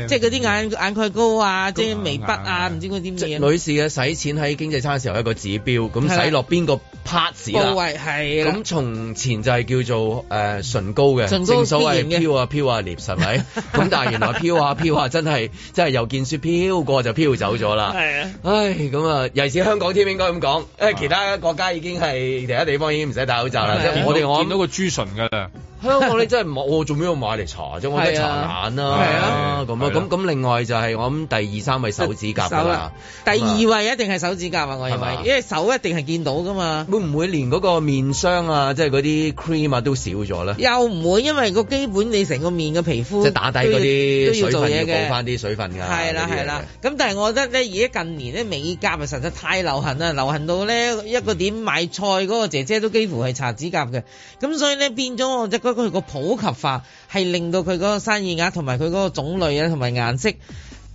影，即係嗰啲眼眼蓋高啊，即係眉筆啊，唔、啊、知嗰啲乜嘢。女士嘅使錢喺經濟差嘅時候一個指標，咁使落邊個 part 啦？係咁從前就係叫做誒、呃、唇膏嘅，膏正所謂飄啊飄啊裂、啊，係咪、啊？咁 但係原來飄啊飄啊 真係真係又見雪飄過就飄走咗啦。係啊，唉咁啊，尤其是香港添，應該咁講，因其他國家已經係其他地方已經唔使戴口罩啦，即、就是、我哋我見到個豬唇噶啦。 香港你真係冇，我做咩要買嚟擦啫？我得擦眼啦，咁啊咁咁。啊啊、另外就係、是、我諗第二、三位手指甲啦、啊。第二位一定係手指甲啊！我認為，因為手一定係見到噶嘛。會唔會連嗰個面霜啊，即係嗰啲 cream 啊，都少咗咧？又唔會，因為個基本你成個面嘅皮膚即係打底嗰啲都要做嘢嘅，補翻啲水分㗎。係啦係啦。咁、啊啊、但係我覺得咧，而家近年咧美甲啊，實在太流行啦，流行到咧一個點買菜嗰個姐姐都幾乎係擦指甲嘅。咁、嗯、所以咧變咗我佢個普及化係令到佢嗰個生意額同埋佢嗰個種類啊同埋顏色，誒、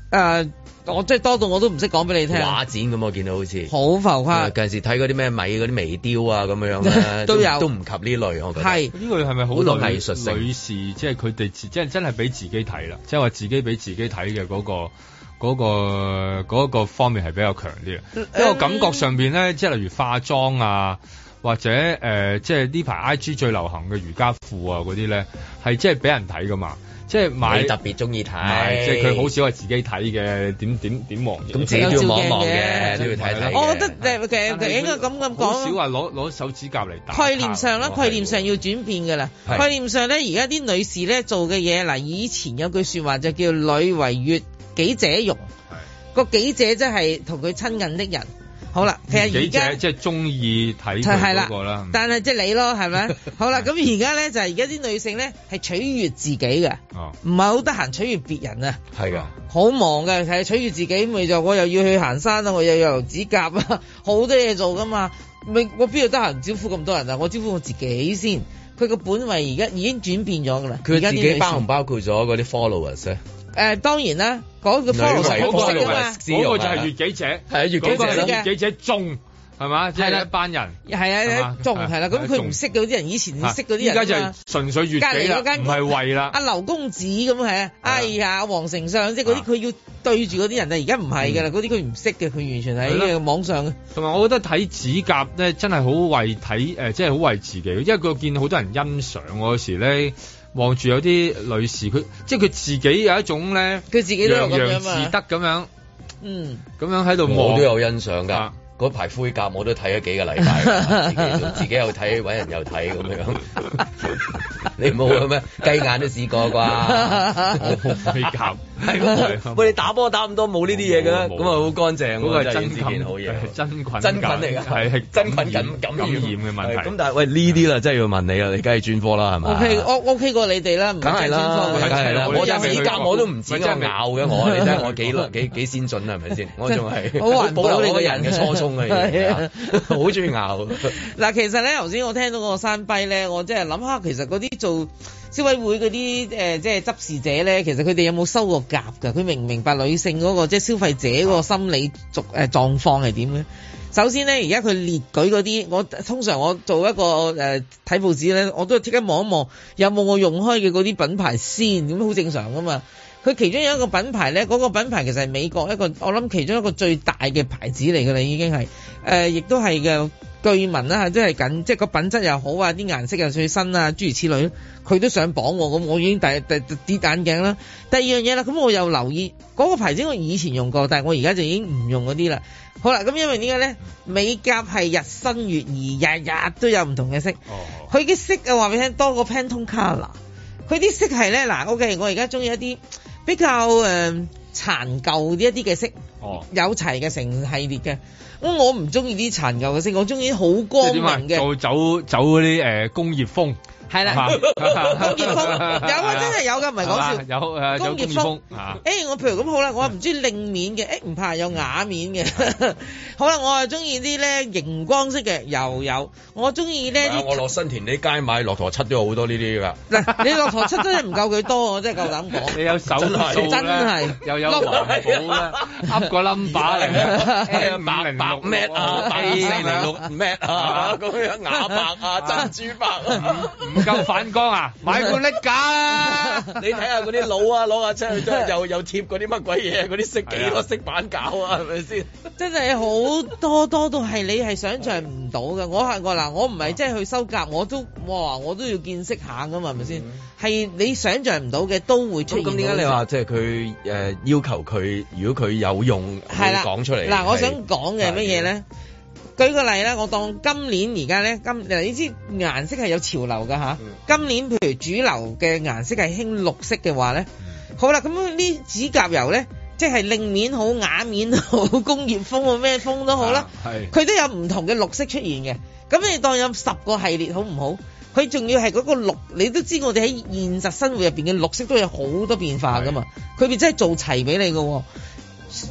呃，我即係多到我都唔識講俾你聽。畫展咁，我見到好似好浮誇。近、嗯、時睇嗰啲咩米嗰啲微雕啊，咁樣咧 都有都唔及呢類。我覺得係呢類係咪好多藝術性？女士即係佢哋自即係真係俾自己睇啦，即係話自己俾自己睇嘅嗰個嗰、嗰個嗰個、方面係比較強啲、嗯。因為我感覺上邊咧，即係例如化妝啊。或者誒、呃，即係呢排 I G 最流行嘅瑜伽褲啊，嗰啲咧係即係俾人睇噶嘛，即係買特別中意睇，即係佢好少係自己睇嘅，點點點望咁自己要望望嘅都要睇睇。我覺得誒其實應該咁咁講，好少話攞攞手指甲嚟睇。概念上啦，概念上要轉變㗎啦。概念上咧，而家啲女士咧做嘅嘢，嗱以前有句說話就叫女為悦己者容，個己者即係同佢親近的人。好啦，其實而家即係中意睇嗰個啦。但係即係你咯，係咪？ 好啦，咁而家咧就係而家啲女性咧係取悦自己嘅，唔係好得閒取悦別人啊。係噶，好忙嘅，係、就是、取悦自己。咪就我又要去行山啦，我又油指甲啊，好多嘢做噶嘛。咪我邊度得閒招呼咁多人啊？我招呼我自己先。佢個本位而家已經轉變咗噶啦。佢而家包唔包括咗嗰啲 followers？誒、呃，當然啦，嗰、那個 power 嗰、那個就係悅己者，係悅己者，悅己、啊那個、者眾，係嘛、啊，即係一班人，係啊，眾係啦，咁佢唔識嗰啲人，以前識嗰啲人、啊啊啊就是、人，而家就係純粹悅己啦，唔係為啦，阿劉公子咁係啊，哎呀，黃丞相即係嗰啲，佢要對住嗰啲人啊，而家唔係噶啦，嗰啲佢唔識嘅，佢完全喺網上。同埋、啊，我覺得睇指甲咧，真係好為睇誒，即係好為自己，因為佢見好多人欣賞我時咧。望住有啲女士，佢即係佢自己有一種咧，佢自己都有樣樣樣自得咁樣，嗯，咁樣喺度我，我，啊、我都有欣賞㗎。嗰排灰甲我都睇咗幾個禮拜， 自己又睇，搵人又睇咁樣。 你冇咩雞眼都試過啩？好晦暗，係咪？喂，你打波打咁多冇呢啲嘢嘅？啦？咁啊好乾淨，嗰、那個係真菌好嘢，真菌真菌嚟㗎，係係真菌感感染嘅問題。咁但係喂呢啲啦，真係要問你啦，你梗係專科啦，係咪？OK OK 過你哋啦，梗係啦，係啦。我指甲我，我都唔剪嘅，咬嘅我，你睇我幾幾幾先進啦，係咪先？我仲係好懷疑我個人嘅初衷嘅好中意咬。嗱， 其實咧頭先我聽到嗰個山蟻咧，我真係諗下其實嗰啲。做消委會嗰啲，誒，即係執事者咧，其實佢哋有冇收過夾噶？佢明唔明白女性嗰個即係消費者嗰個心理狀誒狀況係點咧？首先咧，而家佢列舉嗰啲，我通常我做一個誒睇，呃、報紙咧，我都即刻望一望有冇我用開嘅嗰啲品牌先，咁好正常噶嘛。佢其中有一個品牌咧，嗰個品牌其實係美國一個，我諗其中一個最大嘅牌子嚟噶啦，已經係誒，亦都係嘅。據聞啦吓，真係緊，即係個品質又好啊，啲顏色又最新啊，諸如此類，佢都想綁。我咁我已經跌跌啲眼鏡啦。第二樣嘢啦，咁我又留意嗰、嗰個牌子，我以前用過，但係我而家就已經唔用嗰啲啦。好啦，咁因為點解咧？美甲係日新月異，日，日日都有唔同嘅色。哦、oh。佢嘅色啊，話俾你聽，多過 Pantone Color。佢啲色係咧，嗱，OK，我而家中意一啲比較誒。呃殘舊啲一啲嘅色，有齊嘅成系列嘅，咁我唔中意啲殘舊嘅色，我中意好光明嘅，走走嗰啲誒工業風。係啦，工業風有啊，真係有噶，唔係講笑。有誒，工業風。誒，我譬如咁好啦，我唔中意靚面嘅，誒，唔怕有瓦面嘅。好啦，我係中意啲咧熒光色嘅，又有。我中意咧啲。我落新填地街買，駱駝漆都有好多呢啲㗎。嗱，你駱駝漆真係唔夠佢多，我真係夠膽講。你有手提真係又有環保啦，噏個 number 嚟嘅，白白 mat 啊，四零六 mat 啊，咁樣牙白啊，珍珠白。夠反光啊！ 買罐力架啊！ 你睇下嗰啲佬啊，攞架出去真係又又貼嗰啲乜鬼嘢，嗰啲色幾多色板搞啊，係咪先？真係好多多都係你係想象唔到嘅。我行過嗱，我唔係真係去修甲，我都哇我都要見識下噶嘛，係咪先？係、嗯、你想象唔到嘅都會出現。咁點解你話即係佢誒要求佢？如果佢有用，係講、啊、出嚟嗱，我想講嘅係乜嘢咧？舉個例啦，我當今年而家咧，今你知顏色係有潮流噶吓。啊嗯、今年譬如主流嘅顏色係興綠色嘅話咧，嗯、好啦，咁呢指甲油咧，即係令面好、啞面好、工業風啊、咩風都好啦，係、啊、佢都有唔同嘅綠色出現嘅。咁你當有十個系列好唔好？佢仲要係嗰個綠，你都知我哋喺現實生活入邊嘅綠色都有好多變化噶嘛。佢咪真係做齊俾你噶？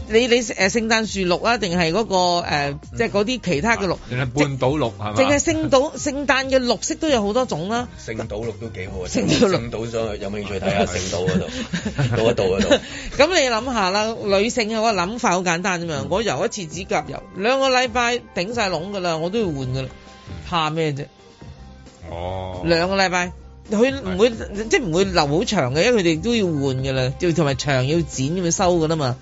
你你誒聖誕樹綠啊，定係嗰個誒，即係嗰啲其他嘅綠，定係半島綠係嘛？淨係聖島聖誕嘅綠色都有好多種啦。聖島綠都幾好啊！聖島綠，聖島上去有冇興趣睇下聖島嗰度嗰一度嗰度？咁你諗下啦，女性嘅嗰個諗法好簡單啫嘛。我油一次指甲油兩個禮拜頂晒籠噶啦，我都要換噶啦，怕咩啫？哦，兩個禮拜佢唔會即係唔會留好長嘅，因為佢哋都要換噶啦，就同埋長要剪咁樣收噶啦嘛。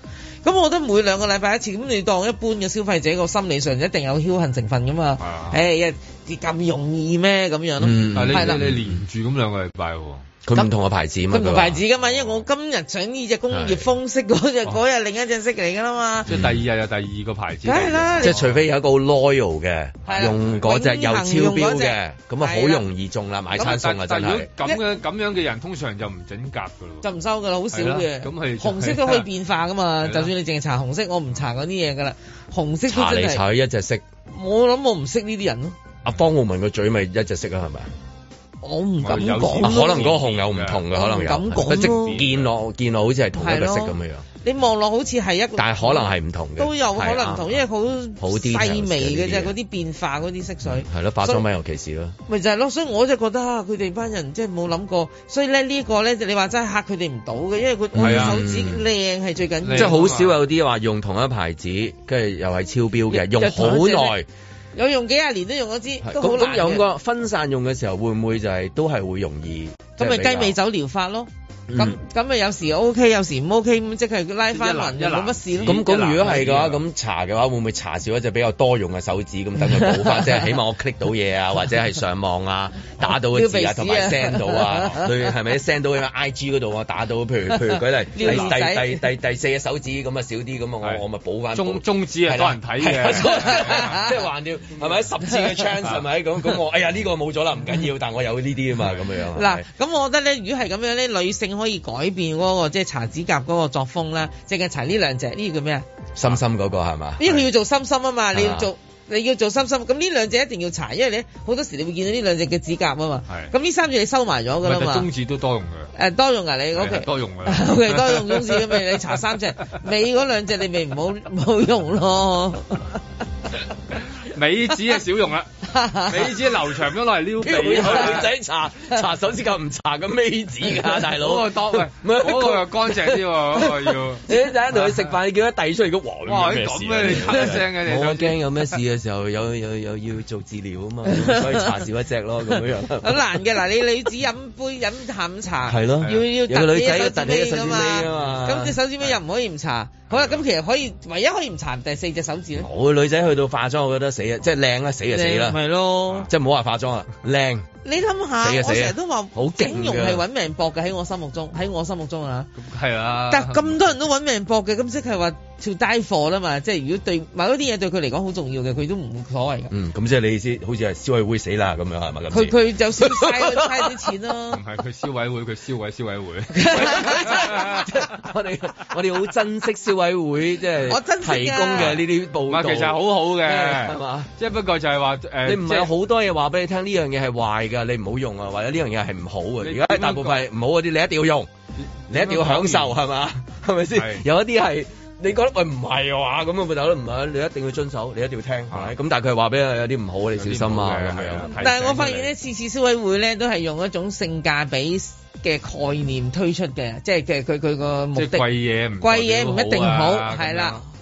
咁我覺得每兩個禮拜一次，咁你當一般嘅消費者個心理上一定有僥幸成分㗎嘛。誒、啊，一、哎、咁容易咩咁樣咯？係、嗯、啦，你連住咁兩個禮拜、哦。佢唔同個牌子唔同個牌子噶嘛，因為我今日上呢隻工業風式嗰隻嗰日另一隻色嚟噶啦嘛。嗯、即第二日有第二個牌子。梗係啦，即係除非有一個 loyal 嘅，用嗰隻又超標嘅，咁啊好容易中啦，買餐送啊真係。咁但咁樣嘅人，通常就唔整甲噶喇，就唔收噶啦，好少嘅。咁係、就是、紅色都可以變化噶嘛，就算你淨搽紅色，我唔搽嗰啲嘢噶啦，紅色都真係。搽嚟搽去一隻色，我諗我唔識呢啲人咯、啊。阿方浩文個嘴咪一隻色啊，係咪？我唔敢講，可能嗰個紅有唔同嘅，可能有。唔敢講咯。即見落見落好似係同一個色咁樣。你望落好似係一個，但係可能係唔同嘅。都有可能唔同，因為好啲，細微嘅啫，嗰啲變化嗰啲色水。係、嗯、咯，化妝品尤其是咯。咪就係、是、咯，所以我就覺得佢哋班人即係冇諗過，所以咧呢個咧，你話真係嚇佢哋唔到嘅，因為佢手指靚係最緊要。即係好少有啲話用同一牌子，跟住又係超標嘅，用好耐。有用幾廿年都用嗰支，都好大嘅。咁用個分散用嘅時候，會唔會就係、係、都係會容易？咁咪雞尾酒療法咯。咁咁咪有時 OK，有時唔 OK 咁，即係拉翻勻就冇乜事咯。咁咁如果係嘅話，咁查嘅話會唔會查少一隻比較多用嘅手指咁等佢補翻？即 係起碼我 click 到嘢啊， 或者係上網啊，打到嘅字啊，同埋 send 到啊，佢係咪 send 到喺 IG 嗰度啊？打到譬如譬如舉例，第第 第第，第，第四隻手指咁啊少啲咁我我咪補翻。中中指多人睇嘅，即係橫掂係咪十次嘅 chance？係咪咁咁我哎呀呢、呢個冇咗啦，唔緊要， 但我有呢啲啊嘛咁樣。嗱咁我覺得咧，如果係咁樣咧，女性。可以改變嗰、嗰個即係搽指甲嗰個作風啦，淨係搽呢兩隻呢叫咩啊？心心嗰、嗰個係嘛？呢個要做心心啊嘛，你要做你要做心心，咁呢兩隻一定要搽，因為你好多時你會見到呢兩隻嘅指甲啊嘛。係。咁呢三隻你收埋咗㗎啦嘛。中指都多用嘅。誒多用啊！你的 OK？多用啊 o、okay，多用中指咁樣， 你搽三隻 尾嗰兩隻你咪唔好冇 用咯。尾指啊少用啦。你知劉翔都攞嚟撩女仔搽，搽搽手指甲唔搽個尾指㗎，大佬。當、啊、喂，嗰、啊、個又乾淨啲喎，我要。你一陣喺度去食飯，你叫佢遞出嚟個黃。哇，哇啊、你咁咩、啊？你喊聲嘅，啊、你我驚有咩事嘅時候，有有有，有要做治療啊嘛，所以搽少一隻咯，咁 樣。好、 啊、 難嘅，嗱你女子飲杯飲下午茶，係 咯、啊，要要。女仔要揼起隻手指尾啊嘛，咁隻手指尾又唔可以唔搽。好啦，咁其實可以，唯一可以唔殘第四隻手指咧。我女仔去到化妝，我覺得死啊，即係靚啦，死就死啦，係咯，即係唔好話化妝啦，靚。 你諗下、啊，我成日都話整容係揾命搏嘅喺我心目中，喺我心目中啊，係啊！但咁多人都揾命搏嘅，咁、 就是、即係話 to die for 啦嘛，即係如果對某啲嘢對佢嚟講好重要嘅，佢都唔所謂嘅。咁、嗯嗯、即係你意思，好似係消委會死啦咁樣係嘛？佢佢就燒晒晒啲錢咯、啊。唔係佢消委會，佢消委消委會。 我哋我哋好珍惜消委會，即 係提供嘅呢啲報道其實係好好嘅，係 嘛不是？即 係不過就係話誒，你唔係有好多嘢話俾你聽呢樣嘢係壞。你唔好用啊，或者呢樣嘢係唔好嘅。而家大部分唔好嗰啲，你一定要用，你，你一定要享受，係嘛？係咪先？是是有一啲係你覺得喂唔係喎，咁啊，但係都唔係，你一定要遵守，你一定要聽。咁但係佢係話俾你，有啲唔好，你小心啊咁樣。啊、但係我發現咧，啊、次次消委會咧都係用一種性價比嘅概念推出嘅，即係嘅佢佢個目的貴嘢唔貴嘢唔一定好，啊，係啦、啊。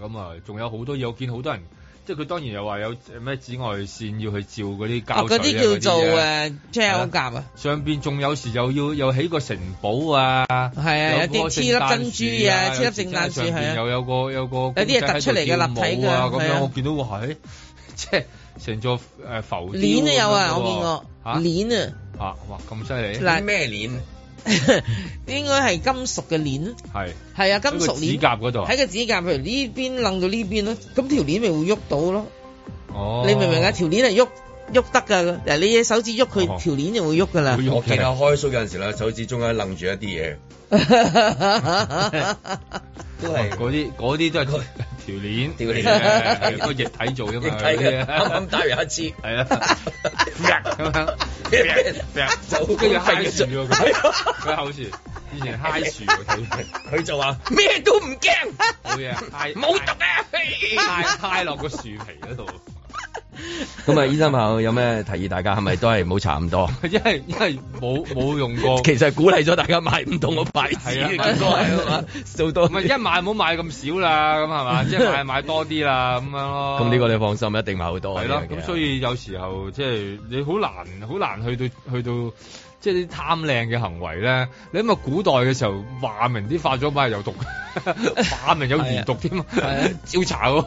咁啊，仲有好多嘢，我見好多人，即係佢當然又話有咩紫外線要去照嗰啲甲嗰啲叫做誒 challenge 啊。上邊仲有時又要又起個城堡啊，係啊，有啲黐粒珍珠啊，黐粒聖誕樹喺、啊，又、啊有，有，啊、有個有個有啲突出嚟嘅立體啊。咁樣我見到喎係，即係成座浮鏈都有啊，啊，我見過、啊、鏈鏈啊嚇、啊、哇咁犀利嗱咩鏈？ 應該係金屬嘅鏈，係係啊，金屬鏈，嗰個、指甲嗰度，喺個指甲，譬如呢邊楞到呢邊咯，咁條鏈咪會喐到咯，哦，你明唔明啊？條鏈係喐。喐得㗎，嗱，你隻手指喐佢條鏈就會喐㗎啦。我見阿開叔有陣時咧手指中間楞住一啲嘢， 都係嗰啲嗰啲都係條鏈條鏈， 是的 個液體做㗎嘛。啱啱打完一支，係 啦是的，一、 嗯，咩 咩，就跟住揩樹喎佢，佢 揩樹， 以前揩樹，佢就話咩都唔驚，冇嘢，冇毒嘅、啊，揩落個樹皮嗰度。咁啊，醫生朋友有咩提議？大家係咪都係冇搽咁多？ 因為因為冇冇用過， 其實係鼓勵咗大家買唔同嘅牌子嘅，應該好多。唔 係不是 一買唔好買咁少啦，咁係嘛？即 係買買多啲啦，咁樣咯。咁呢個你放心，一定買好多係咯。咁、啊、所以有時候即係、就是、你好難好難去到去到即係啲貪靚嘅行為咧。你諗下古代嘅時候，話明啲化妝品係有毒，話 明有鉛毒添 是、啊、 照招查喎，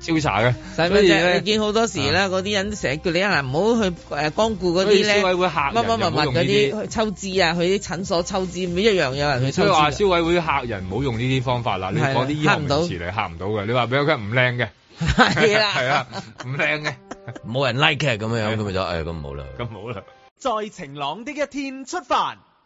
照查嘅。見好多時嗰、啊、啲、啊、人成日叫你啊，唔好去誒光顧嗰啲咧消委會，乜乜乜乜嗰啲抽脂啊，去啲診所抽脂，唔一樣有人去抽。佢話消委會嚇人，唔好用呢啲方法啦，你講啲醫學用詞嚟嚇唔到嘅。你話俾我聽，唔靚嘅，係 啦是的，係 啊不，唔靚嘅，冇 人 like 嘅。咁樣，咁咪就誒，咁、哎、好啦，咁好啦，在晴朗的一天出發。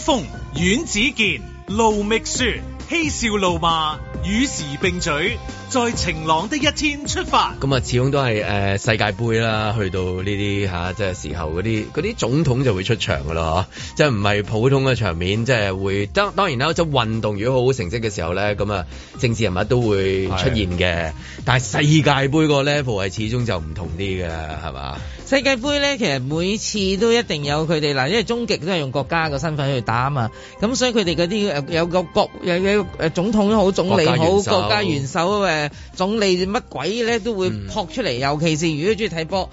風、阮子健、盧覓雪，嬉笑怒罵，與時並舉，在晴朗的一天出發。咁啊，始終都係誒世界杯啦，去到呢啲吓，即、啊、係、就是、時候嗰啲嗰啲總統就會出場噶啦嗬，即係唔係普通嘅場面，即、就、係、是、會，當當然啦，即係運動，如果好好成績嘅時候咧，咁啊，政治人物都會出現嘅。但係世界杯個 level 係始終就唔同啲嘅，係嘛？世界杯咧，其實每次都一定有佢哋嗱，因為終極都係用國家嘅身份去打啊嘛，咁所以佢哋嗰啲有個國有有誒總統好總理好國家元首誒總理乜鬼咧都會撲出嚟、嗯，尤其是如果中意睇波。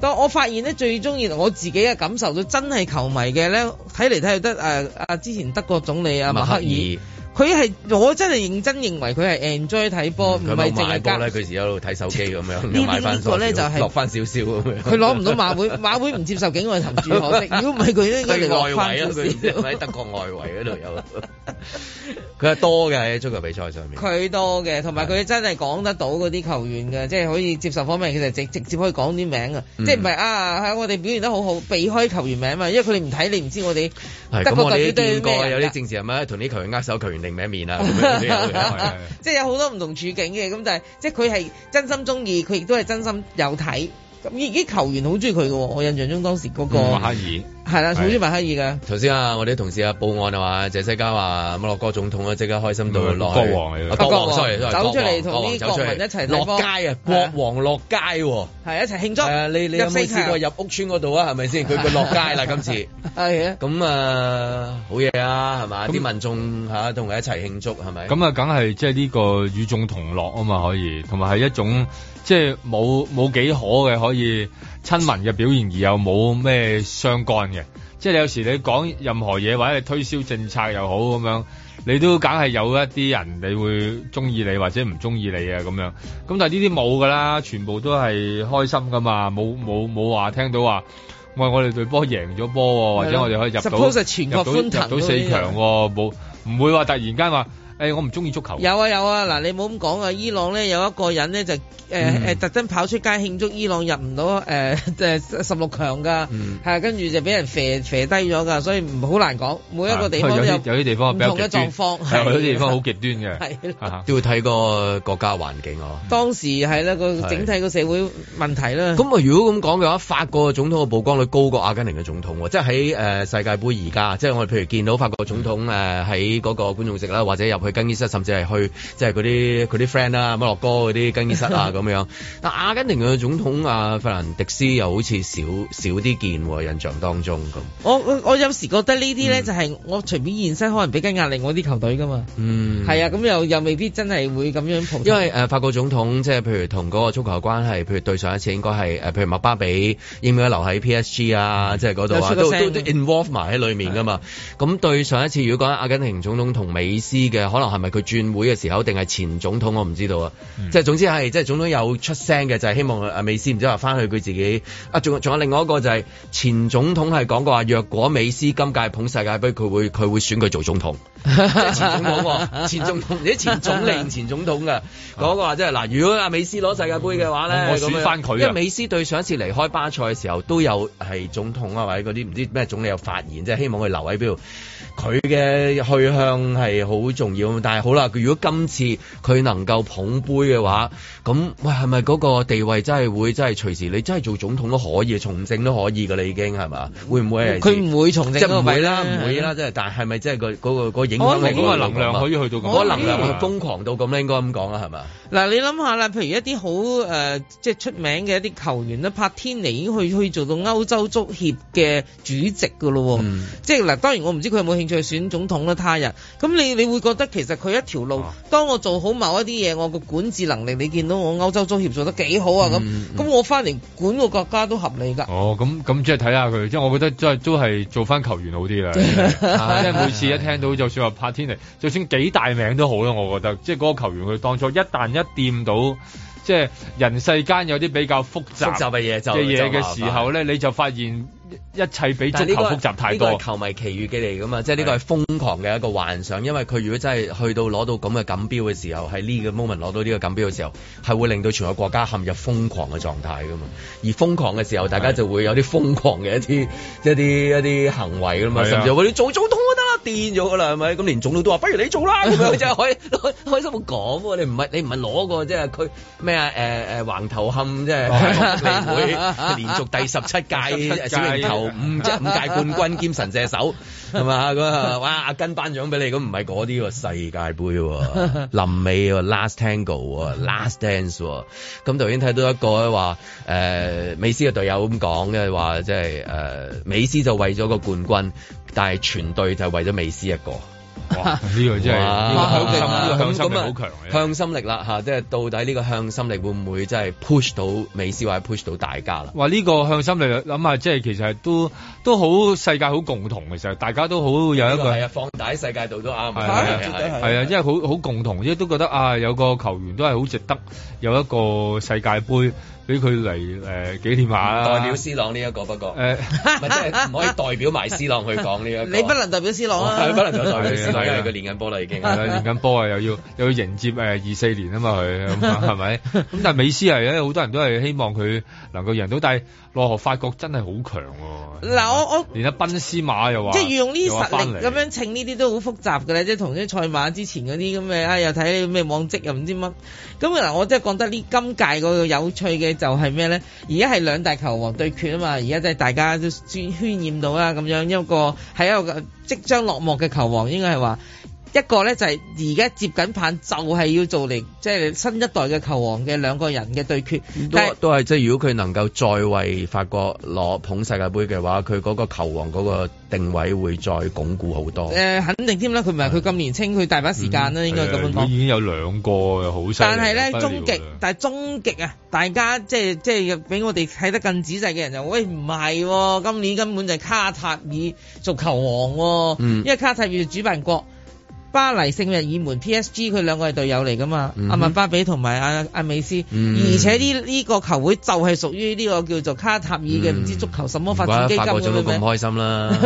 但我發現咧最中意我自己嘅感受到真係球迷嘅咧，睇嚟睇去得、啊啊、之前德國總理啊，默克爾。佢係我真係認真認為佢係 enjoy 睇波，唔係淨係交咧。佢時喺度睇手機咁樣，又、這個、就翻、是、落翻少少佢攞唔到馬會， 馬會唔接受境外投注，可惜。如果唔係佢咧，佢哋落翻少少喺德國外圍嗰度有。佢 係多嘅喺足球比賽上面。佢多嘅，同埋佢真係講得到嗰啲球員嘅，即係可以接受方面，佢就直接可以講啲名、嗯、啊，即係唔係啊？喺我哋表現得好好，避開球員名嘛，因為佢哋唔睇，你唔知我哋。德咁、嗯，我哋見過有啲政治人物同啲球員握手，球員。定咩面啊？即係有好多唔同處境嘅，咁就係即係佢係真心中意，佢亦都係真心有睇。咁啲球員好中意佢喎。我印象中當時嗰、嗰個馬克爾係啦，好中意馬哈爾嘅。頭先啊，我啲同事啊，報案啊嘛，謝世佳話摩洛哥總統啊，即刻開心到落國王嚟、啊啊，國王走出嚟同啲國民一齊落街啊，國王落街喎、啊，係一齊慶祝。你你，你有冇試過入屋村嗰度啊？係咪先？佢佢落街啦， 今次啊。咁啊，好嘢啊，係嘛？啲民眾同佢一齊慶祝係咪？咁啊，梗係即係呢個與眾同樂啊嘛，可以，同埋係一種。即係冇冇幾可嘅可以親民嘅表現，而又冇咩相干嘅。即係你有時你講任何嘢，或者你推銷政策又好咁樣，你都梗係有一啲人你會中意你或者唔中意你啊咁樣。咁但係呢啲冇㗎啦，全部都係開心㗎嘛，冇冇冇話聽到話喂我哋隊波贏咗波、哦，或者我哋可以入到入到入到，入到四強喎、哦，冇唔會話突然間話。誒、欸，我唔中意足球。有啊有啊，嗱，你唔好咁講啊！伊朗咧有一個人咧就誒誒，特、呃、登、嗯、跑出街慶祝伊朗入唔到誒十六強噶，係跟住就俾人射射低咗噶，所以唔好難講。每一個地方有有啲地方唔同嘅狀況，有啲地方好極端嘅，都要睇個國家環境。當時係呢個整體個社會問題啦。咁啊，如果咁講嘅話，法國總統嘅曝光率高過阿根廷嘅總統，即係喺誒世界杯而家，即係我哋譬如見到法國總統誒喺嗰個觀眾席啦，或者入。去更衣室，甚至係去即係嗰啲佢啲 friend 啊、摩洛哥嗰啲更衣室啊咁樣。 但阿根廷嘅總統啊，弗蘭迪斯又好似少少啲見，印象當中咁。我我我有時覺得呢啲咧、嗯、就係、是、我隨便現身，可能俾緊壓力我啲球隊噶嘛。嗯，係啊，咁又又未必真係會咁樣。因為誒、呃、法國總統即係譬如同嗰個足球嘅關係，譬如對上一次應該係誒，譬如麥巴比要唔要留喺 PSG 啊，嗯、即係嗰度都都 involve 埋喺裡面噶嘛。咁、嗯、對上一次如果講阿根廷總統同美斯嘅。可能係咪佢轉會嘅時候，定係前總統我唔知道啊。即、嗯、係總之係，即係總統有出聲嘅就係、是、希望阿美斯唔知話翻去佢自己啊。仲仲有另外一個就係、是、前總統係講過話，若果美斯今屆捧世界杯，佢會佢會選佢做總統。即 係前總統，前總統，你前總理前總統嘅講 過話，即係嗱，如果阿美斯攞世界杯嘅話咧、嗯，那個，我選翻佢。因為美斯對上一次離開巴塞嘅時候，都有係總統啊，或者嗰啲唔知咩總理有發言，即係希望佢留喺邊度。佢嘅去向係好重要，但係好啦，佢如果今次佢能夠捧杯嘅話，咁喂係咪嗰個地位真係會真係隨時你真係做總統都可以，從政都可以㗎啦已經係嘛？會唔會佢唔會從政？即係唔會啦，唔會啦，即係但係係咪即係個嗰影響？我嗰個能量可以去到嗰我，我個能量係瘋狂到咁咧，應該咁講啦，係嘛？嗱，你諗下啦，譬如一啲好、呃、即係出名嘅一啲球員啦，帕天尼已經去去做到歐洲足協嘅主席㗎咯、哦，嗯、即係嗱，當然我唔知佢有冇興。再選總統啦，他人咁你你會覺得其實佢一條路、啊，當我做好某一啲嘢，我個管治能力，你見到我歐洲足協做得幾好啊？咁、嗯、咁、嗯、我翻嚟管個國家都合理噶。哦，咁咁即係睇下佢，即係、就是、我覺得即、就、係、是、都係做翻球員好啲啦。即 係、啊就是、每次一聽到， 就算話帕天尼，就算幾大名都好啦，我覺得即係嗰個球員，佢當初一旦一掂到，即、就、係、是、人世間有啲比較複雜嘅嘢嘅嘢嘅時候咧，你就發現。一切比足球個複雜太多。球迷奇遇記嚟噶嘛，是即係呢個係瘋狂嘅一個幻想。因為佢如果真係去到攞到咁嘅錦標嘅時候，喺呢個 moment 攞到呢個錦標嘅時候，係會令到全個國家陷入瘋狂嘅狀態噶嘛。而瘋狂嘅時候，大家就會有啲瘋狂嘅一啲即係一啲一啲行為噶嘛。的甚至話你做做總統都得啦，掂咗啦，係咪？咁連總統都話不如你做啦， 即係，真係開開開心咁講。你唔係你唔係，攞過即係，佢咩啊？誒誒橫頭冚即係，李 會連續第十七屆。頭五 五屆冠軍兼神射手，係嘛？咁啊，哇！阿根頒獎俾你，咁唔係嗰啲喎世界杯、啊， 臨尾喎、啊、，Last Tango，Last、啊、Dance、啊。咁頭先睇到一個咧，話、呃、誒，美斯嘅隊友咁講嘅話，即係誒，美斯就為咗個冠軍，但係全隊就為咗美斯一個。呢、這個真係、這個向，這個、向心力啦、這個，向心力啦嚇、啊，即係到底呢個向心力會唔會真係 push 到美斯，或者 push 到大家啦？哇呢、這個向心力諗下，即係其實都都好世界好共同嘅事，其實大家都好有一個係啊、這個，放大喺世界度都啱，係啊，因為好好共同，即係都覺得啊，有個球員都係好值得有一個世界盃。俾佢嚟誒紀念下啦，代表斯朗呢、這、一個不過誒，唔係真唔可以代表埋斯朗去講呢一個， 你不能代表斯朗、哦、啊，啊不能代表斯朗。佢 練緊波啦，已經係啦， 練緊波啊，又要又要迎接誒二四年啊嘛佢，係咪？咁 但係美斯係咧，好多人都係希望佢能夠贏到，但係。法國發覺真係好強喎、啊！嗱，我我連阿賓斯馬又話，即係要用呢實力咁樣稱呢啲都好複雜㗎喇。即係同啲賽馬之前嗰啲咁嘅啊，又睇咩往績又唔知乜。咁嗱我真係覺得呢今屆嗰個有趣嘅就係咩呢？而家係兩大球王對決啊嘛！而家就大家都渲染到啦，咁樣一個係一個即將落幕嘅球王，應該係話。一個咧就係而家接緊棒，就係、是、要做你即係新一代嘅球王嘅兩個人嘅對決。都都係即係，如果佢能夠再為法國攞捧世界杯嘅話，佢嗰個球王嗰個定位會再鞏固好多、呃。誒，肯定添啦，佢唔係佢咁年青，佢大把時間啦、嗯，應該咁樣講。佢已經有兩個好犀，但係咧終極，但係終極啊！大家即係即係俾我哋睇得更仔細嘅人就喂唔係、啊，今年根本就係卡塔爾做球王、啊，嗯、因為卡塔爾係主辦國。巴黎聖日耳門 P.S.G，佢兩個係隊友嚟噶嘛？嗯、阿曼巴比同埋阿阿美斯，嗯、而且呢呢個球會就係屬於呢個叫做卡塔爾嘅唔知足球什麼發展基金咁樣。開心啦！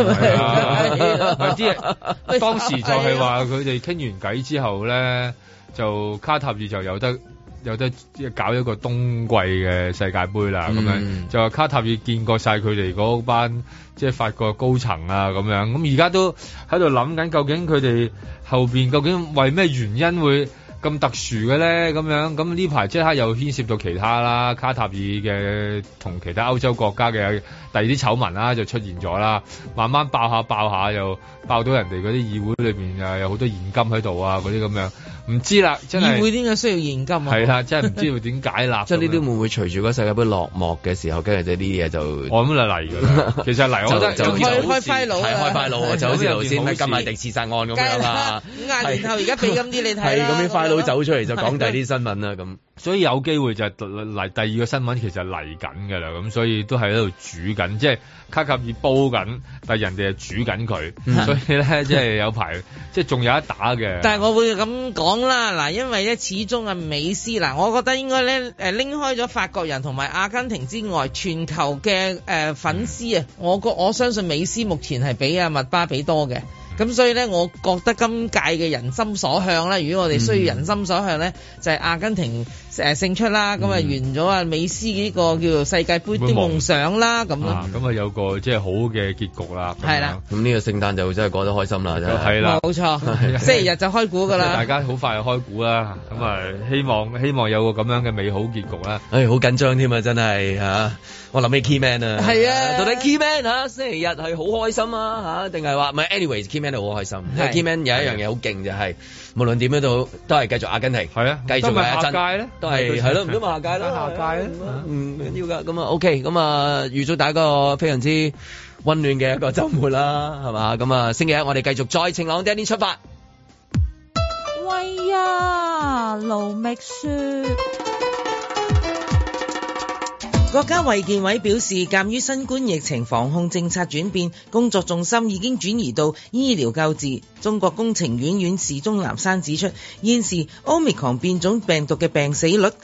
當時就係話佢哋傾完偈之後咧，就卡塔爾就有得有得即係搞一個冬季嘅世界盃啦，咁、嗯、樣就話卡塔爾見過曬佢哋嗰班即係、就是、法國高層啊，咁樣咁而家都喺度諗緊，究竟佢哋後面究竟為咩原因會咁特殊嘅咧？咁樣咁呢排即刻又牽涉到其他啦，卡塔爾嘅同其他歐洲國家嘅第二啲醜聞啦、啊，就出現咗啦，慢慢爆下爆下又爆到人哋嗰啲議會裏面，又有好多現金喺度啊，嗰啲咁樣。唔知啦，真係議會點解需要現金啊？係啦，真係唔知立 會點解啦。即係呢啲會唔會隨住個世界盃落幕嘅時候，跟住就呢啲嘢就我諗就嚟㗎啦，其實嚟 就得就開開快佬，係開快佬，好似頭先，甘迺迪刺殺案咁樣啦。五十年後而家俾咁啲你睇，係咁啲快佬走出嚟就講第啲新聞啦。咁 所以有機會就嚟第二個新聞，其實嚟緊㗎啦。咁所以都係喺度煮緊，即係。卡卡爾煲緊，但人哋煮緊佢， 所以咧即係有排，即係仲有一打嘅。 但係我會咁講啦，嗱，因為咧始終係，美斯嗱，我覺得應該咧，誒拎開咗法國人同埋阿根廷之外，全球嘅誒粉絲啊，我我相信美斯目前係比阿麥巴比多嘅。咁所以咧，我覺得今屆嘅人心所向咧，如果我哋需要人心所向咧、嗯，就係、是、阿根廷誒、呃、勝出啦，咁、嗯、啊完咗啊美斯呢個叫做世界盃啲夢想啦，咁啊咁啊有個即係、就是、好嘅結局啦，係啦，咁呢個聖誕就真係過得開心啦，真啦，冇錯， 星期日就開股噶啦， 大家好快就開估啦，咁啊希望希望有個咁樣嘅美好結局啦，唉、哎，好緊張添啊，真係嚇、啊，我諗起 Keyman 啊，係啊，到底 Keyman 啊？星期日係好開心啊嚇，定係話咪 anyway 好開心，Kman 有一樣嘢好勁就係，無論點樣都都係繼續阿根廷，係啊，繼續嘅爭。屆咧，都係係咯，唔通下屆咯，下屆咧，唔緊要噶。咁啊，OK，咁啊，預祝大家一個非常之溫暖嘅一個周末啦，係嘛？咁啊，星期一我哋繼續再晴朗嘅一天出發。喂呀，盧覓雪。國家衛健委表示，鑑於新冠疫情防控政策轉變，工作重心已經轉移到醫療救治。中國工程院院士鍾南山指出，現時奧密克戎變種病毒嘅病死率低，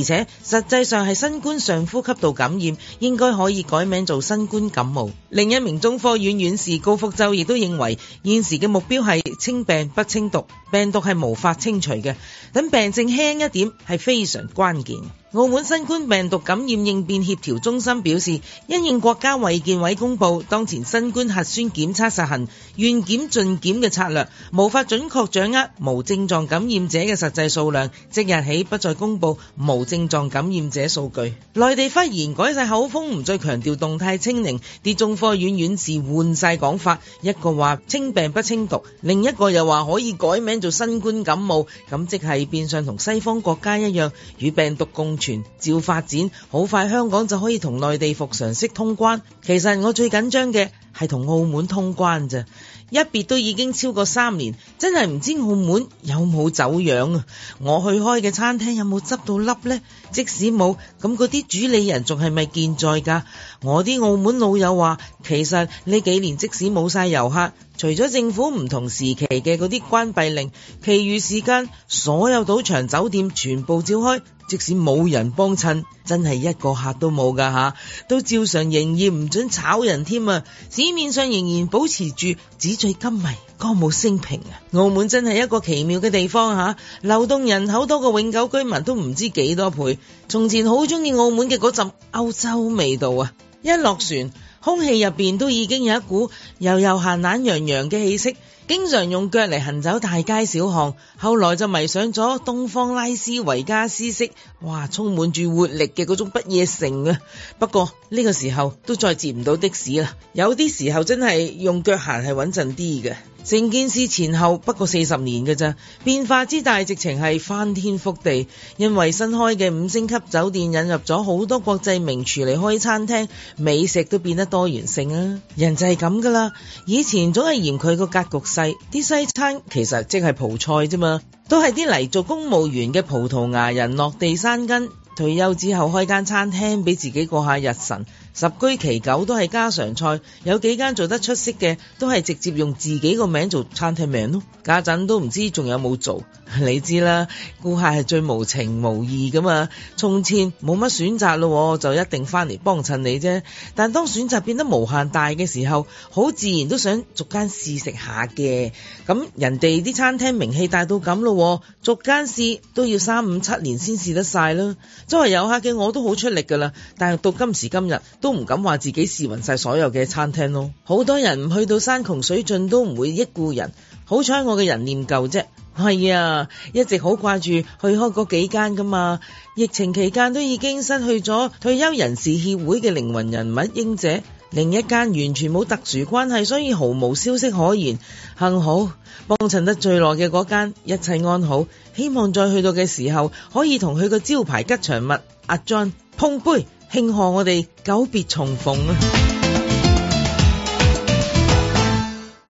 而且實際上係新冠上呼吸道感染，應該可以改名做新冠感冒。另一名中科院院士高福周亦都認為，現時嘅目標係清病不清毒，病毒係無法清除嘅，等病症輕一點係非常關鍵。澳門新冠病毒感染應變協調中心表示，因應國家衛健委公布當前新冠核酸檢測實行願檢盡檢嘅策略，無法準確掌握無症狀感染者嘅實際數量，即日起不再公布無症狀感染者數據。內地忽然改晒口風，唔再強調動態清零，啲中科院院士換晒講法，一個話清病不清毒，另一個又話可以改名做新冠感冒，咁即係變相同西方國家一樣，與病毒共。全照發展，好快香港就可以同內地復常式通關。其實我最緊張嘅係同澳門通關咋，一別都已經超過三年，真係唔知澳門有冇走樣啊？我去開嘅餐廳有冇執到笠呢？即使冇，咁嗰啲主理人仲係咪健在噶？我啲澳門老友話，其實呢幾年即使冇晒遊客，除咗政府唔同時期嘅嗰啲關閉令，其餘時間所有賭場酒店全部照開。即使冇人幫襯，真係一個客都冇噶吓，都照常營業，唔准炒人添啊！市面上仍然保持住紙醉金迷、歌舞升平啊！澳門真係一個奇妙嘅地方吓，流動人口多過永久居民都唔知幾多倍。從前好鍾意澳門嘅嗰浸歐洲味道啊，一落船，空氣入邊都已經有一股悠悠閒懶洋洋嘅氣息。經常用腳嚟行走大街小巷，後來就迷上咗東方拉斯維加斯式，哇，充滿住活力嘅嗰種不夜城啊！不過呢個時候都再接唔到的士啦，有啲時候真係用腳行係穩陣啲嘅。成件事前後不過四十年嘅咋，變化之大，直情係翻天覆地。因為新開嘅五星級酒店引入咗好多國際名廚嚟開餐廳，美食都變得多元性啊！人就係咁噶啦，以前總係嫌佢個格局細，啲西餐其實即係葡菜啫嘛，都係啲嚟做公務員嘅葡萄牙人落地生根，退休之後開間餐廳俾自己過下日辰。十居其九都係家常菜，有幾間做得出色嘅，都係直接用自己個名做餐廳名咯。家陣都唔知仲有冇做，你知啦。顧客係最無情無義噶嘛，從前冇乜選擇咯，就一定翻嚟幫襯你啫。但當選擇變得無限大嘅時候，好自然都想逐間試食下嘅。咁人哋啲餐廳名氣大到咁咯，逐間試都要三五七年先試得晒啦。作為遊客嘅我都好出力噶啦，但係到今時今日都唔敢話自己試匀晒所有嘅餐廳咯，好多人唔去到山窮水盡都唔會一顧人。好彩我嘅人念舊啫，係、哎、啊，一直好掛住去開嗰幾間噶嘛。疫情期間都已經失去咗退休人士協會嘅靈魂人物英姐，另一間完全冇特殊關係，所以毫無消息可言。幸好幫襯得最耐嘅嗰間一切安好，希望再去到嘅時候可以同佢個招牌吉祥物阿 John 碰杯。慶賀我哋久別重逢啊！